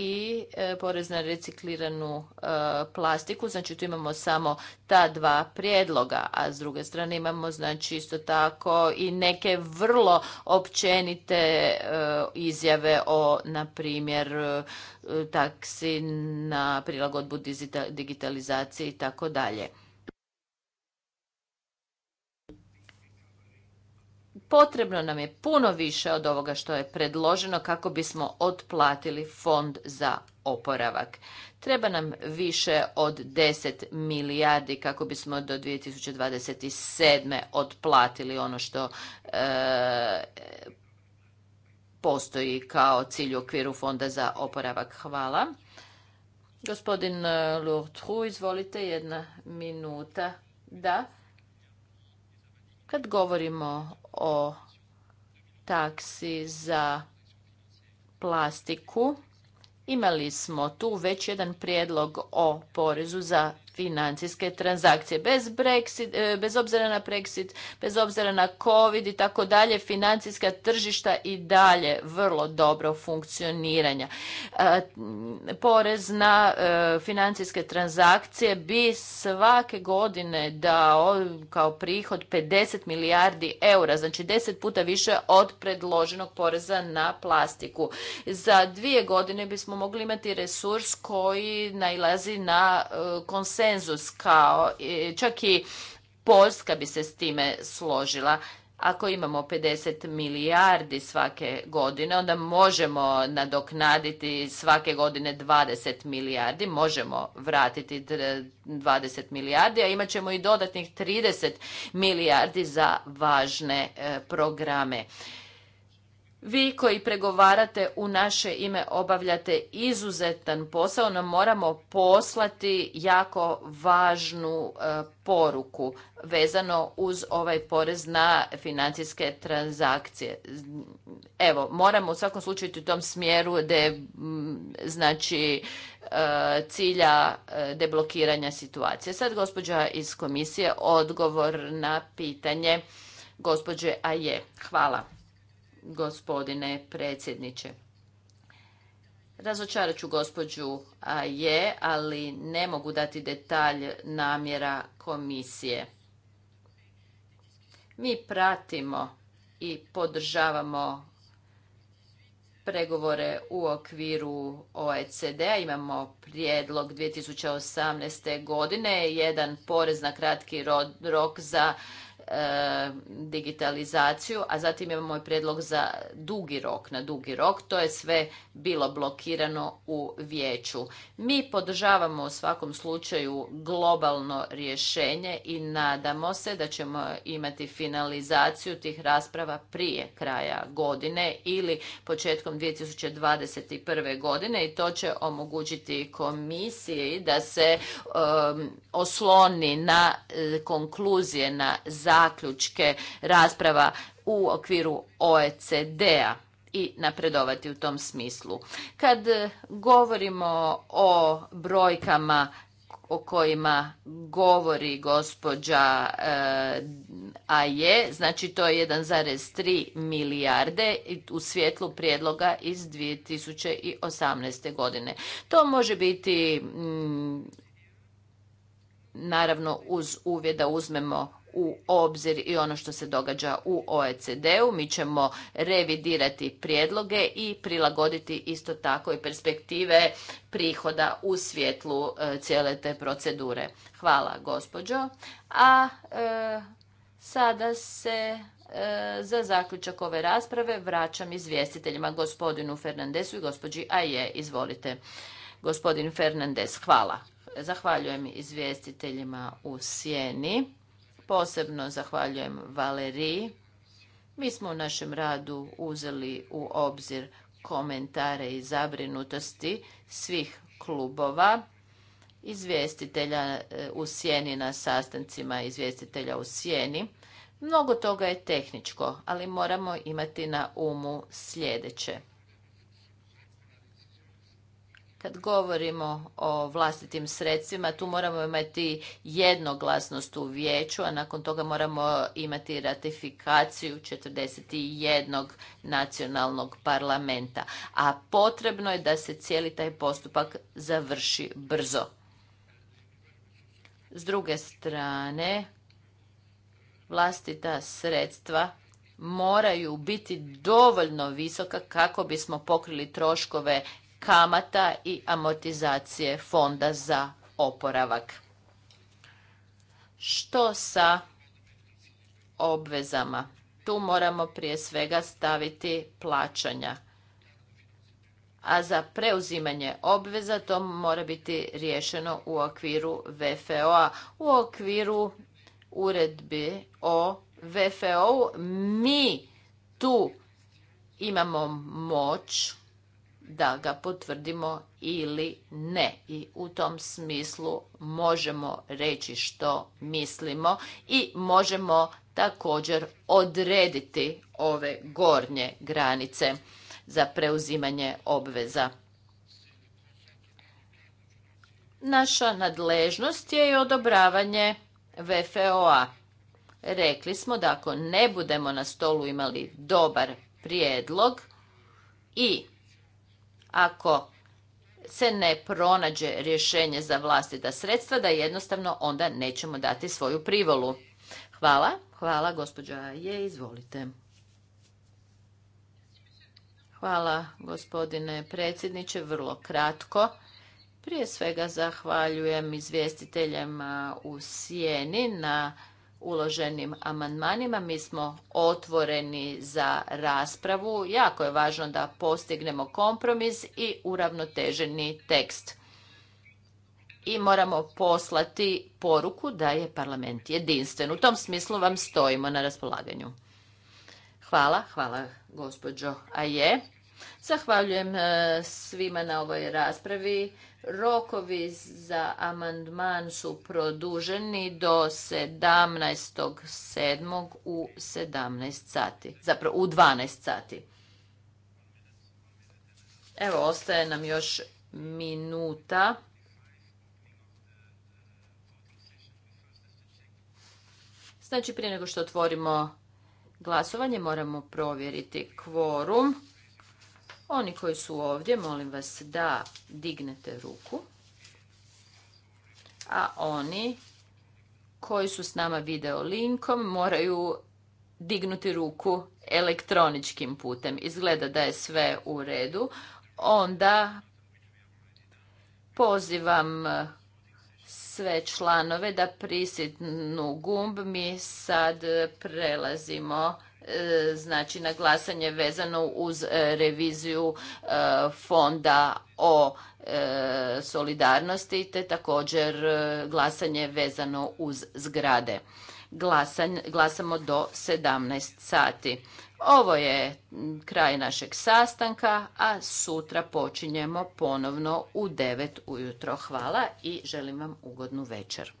i e, porez na recikliranu e, plastiku. Znači tu imamo samo ta dva prijedloga, a s druge strane imamo znači isto tako i neke vrlo općenite izjave o na primjer taksi na prilagodbu digitalizacije i tako dalje. Potrebno nam je puno više od ovoga što je predloženo kako bismo otplatili fond za oporavak. Treba nam više od 10 milijardi kako bismo do 2027. otplatili ono što e, postoji kao cilj u okviru fonda za oporavak. Hvala. Gospodin e, Lurtru, izvolite, jedna minuta. Da. Kad govorimo o taksi za plastiku. Imali smo tu već jedan prijedlog o porezu za financijske transakcije. Bez, Brexit, e, bez obzira na Brexit, bez obzira na COVID i tako dalje, financijska tržišta i dalje vrlo dobro funkcioniranja. E, porez na e, financijske transakcije bi svake godine dao kao prihod 50 milijardi eura, znači 10 puta više od predloženog poreza na plastiku. Za dvije godine bismo mogli imati resurs koji nailazi na konsensu konsenzus kao čak i Poljska bi se s time složila. Ako imamo 50 milijardi svake godine, onda možemo nadoknaditi svake godine 20 milijardi, možemo vratiti 20 milijardi, a imat ćemo i dodatnih 30 milijardi za važne e, programe. Vi koji pregovarate u naše ime obavljate izuzetan posao, nam moramo poslati jako važnu e, poruku vezano uz ovaj porez na financijske transakcije. Evo, moramo u svakom slučaju u tom smjeru de, znači, e, cilja e, deblokiranja situacije. Sad gospođa iz komisije odgovor na pitanje gospođe Aje. Hvala gospodine predsjedniče. Razočarat ću gospođu je, ali ne mogu dati detalj namjera komisije. Mi pratimo i podržavamo pregovore u okviru OECD-a. Imamo prijedlog 2018. godine, jedan porez na kratki rok za E, digitalizaciju, a zatim imamo i predlog za dugi rok, na dugi rok. To je sve bilo blokirano u vijeću. Mi podržavamo u svakom slučaju globalno rješenje i nadamo se da ćemo imati finalizaciju tih rasprava prije kraja godine ili početkom 2021. godine i to će omogućiti komisiji da se osloni na e, konkluzije na za zaključke rasprava u okviru OECD-a i napredovati u tom smislu. Kad govorimo o brojkama o kojima govori gospođa e, A.J., Aje, znači to je 1,3 milijarde u svjetlu prijedloga iz 2018. godine. To može biti naravno uz uvjet da uzmemo u obzir i ono što se događa u OECD-u. Mi ćemo revidirati prijedloge i prilagoditi isto tako i perspektive prihoda u svjetlu e, cijele te procedure. Hvala gospođo. A e, sada se e, za zaključak ove rasprave vraćam izvjestiteljima gospodinu Fernandesu i gospođi Aje. Izvolite. Gospodin Fernandes. hvala. Zahvaljujem izvjestiteljima u Sjeni Posebno zahvaljujem Valeriji. Mi smo u našem radu uzeli u obzir komentare i zabrinutosti svih klubova, izvjestitelja e, u sjeni na sastancima izvjestitelja u sjeni. Mnogo toga je tehničko, ali moramo imati na umu sljedeće. Kad govorimo o vlastitim sredstvima, tu moramo imati jednoglasnost u vijeću, a nakon toga moramo imati ratifikaciju 41 nacionalnog parlamenta. A potrebno je da se cijeli taj postupak završi brzo. S druge strane, vlastita sredstva moraju biti dovoljno visoka kako bismo pokrili troškove kamata i amortizacije fonda za oporavak. Što sa obvezama? Tu moramo prije svega staviti plaćanja. A za preuzimanje obveza to mora biti riješeno u okviru VFO-a. U okviru uredbi o VFO-u mi tu imamo moć da ga potvrdimo ili ne. I u tom smislu možemo reći što mislimo i možemo također odrediti ove gornje granice za preuzimanje obveza. Naša nadležnost je i odobravanje VFOA. Rekli smo da ako ne budemo na stolu imali dobar prijedlog i ako se ne pronađe rješenje za vlastita sredstva, da jednostavno onda nećemo dati svoju privolu. Hvala. Hvala, gospođa je, izvolite. Hvala, gospodine predsjedniče, vrlo kratko. Prije svega zahvaljujem izvjestiteljima u Sjeni na uloženim amandmanima. Mi smo otvoreni za raspravu. Jako je važno da postignemo kompromis i uravnoteženi tekst. I moramo poslati poruku da je parlament jedinstven. U tom smislu vam stojimo na raspolaganju. Hvala, hvala gospođo Aje. Zahvaljujem e, svima na ovoj raspravi. Rokovi za amandman su produženi do 17.7. u 17 sati, zapravo u 12 sati. Evo, ostaje nam još minuta. Znači, prije nego što otvorimo glasovanje, moramo provjeriti kvorum. Oni koji su ovdje, molim vas da dignete ruku. A oni koji su s nama video linkom moraju dignuti ruku elektroničkim putem. Izgleda da je sve u redu. Onda pozivam sve članove da prisjetnu gumb. Mi sad prelazimo E, znači na glasanje vezano uz e, reviziju e, fonda o solidarnosti te također glasanje vezano uz zgrade. glasamo do 17 sati. Ovo je kraj našeg sastanka, a sutra počinjemo ponovno u 9 ujutro. Hvala i želim vam ugodnu večer.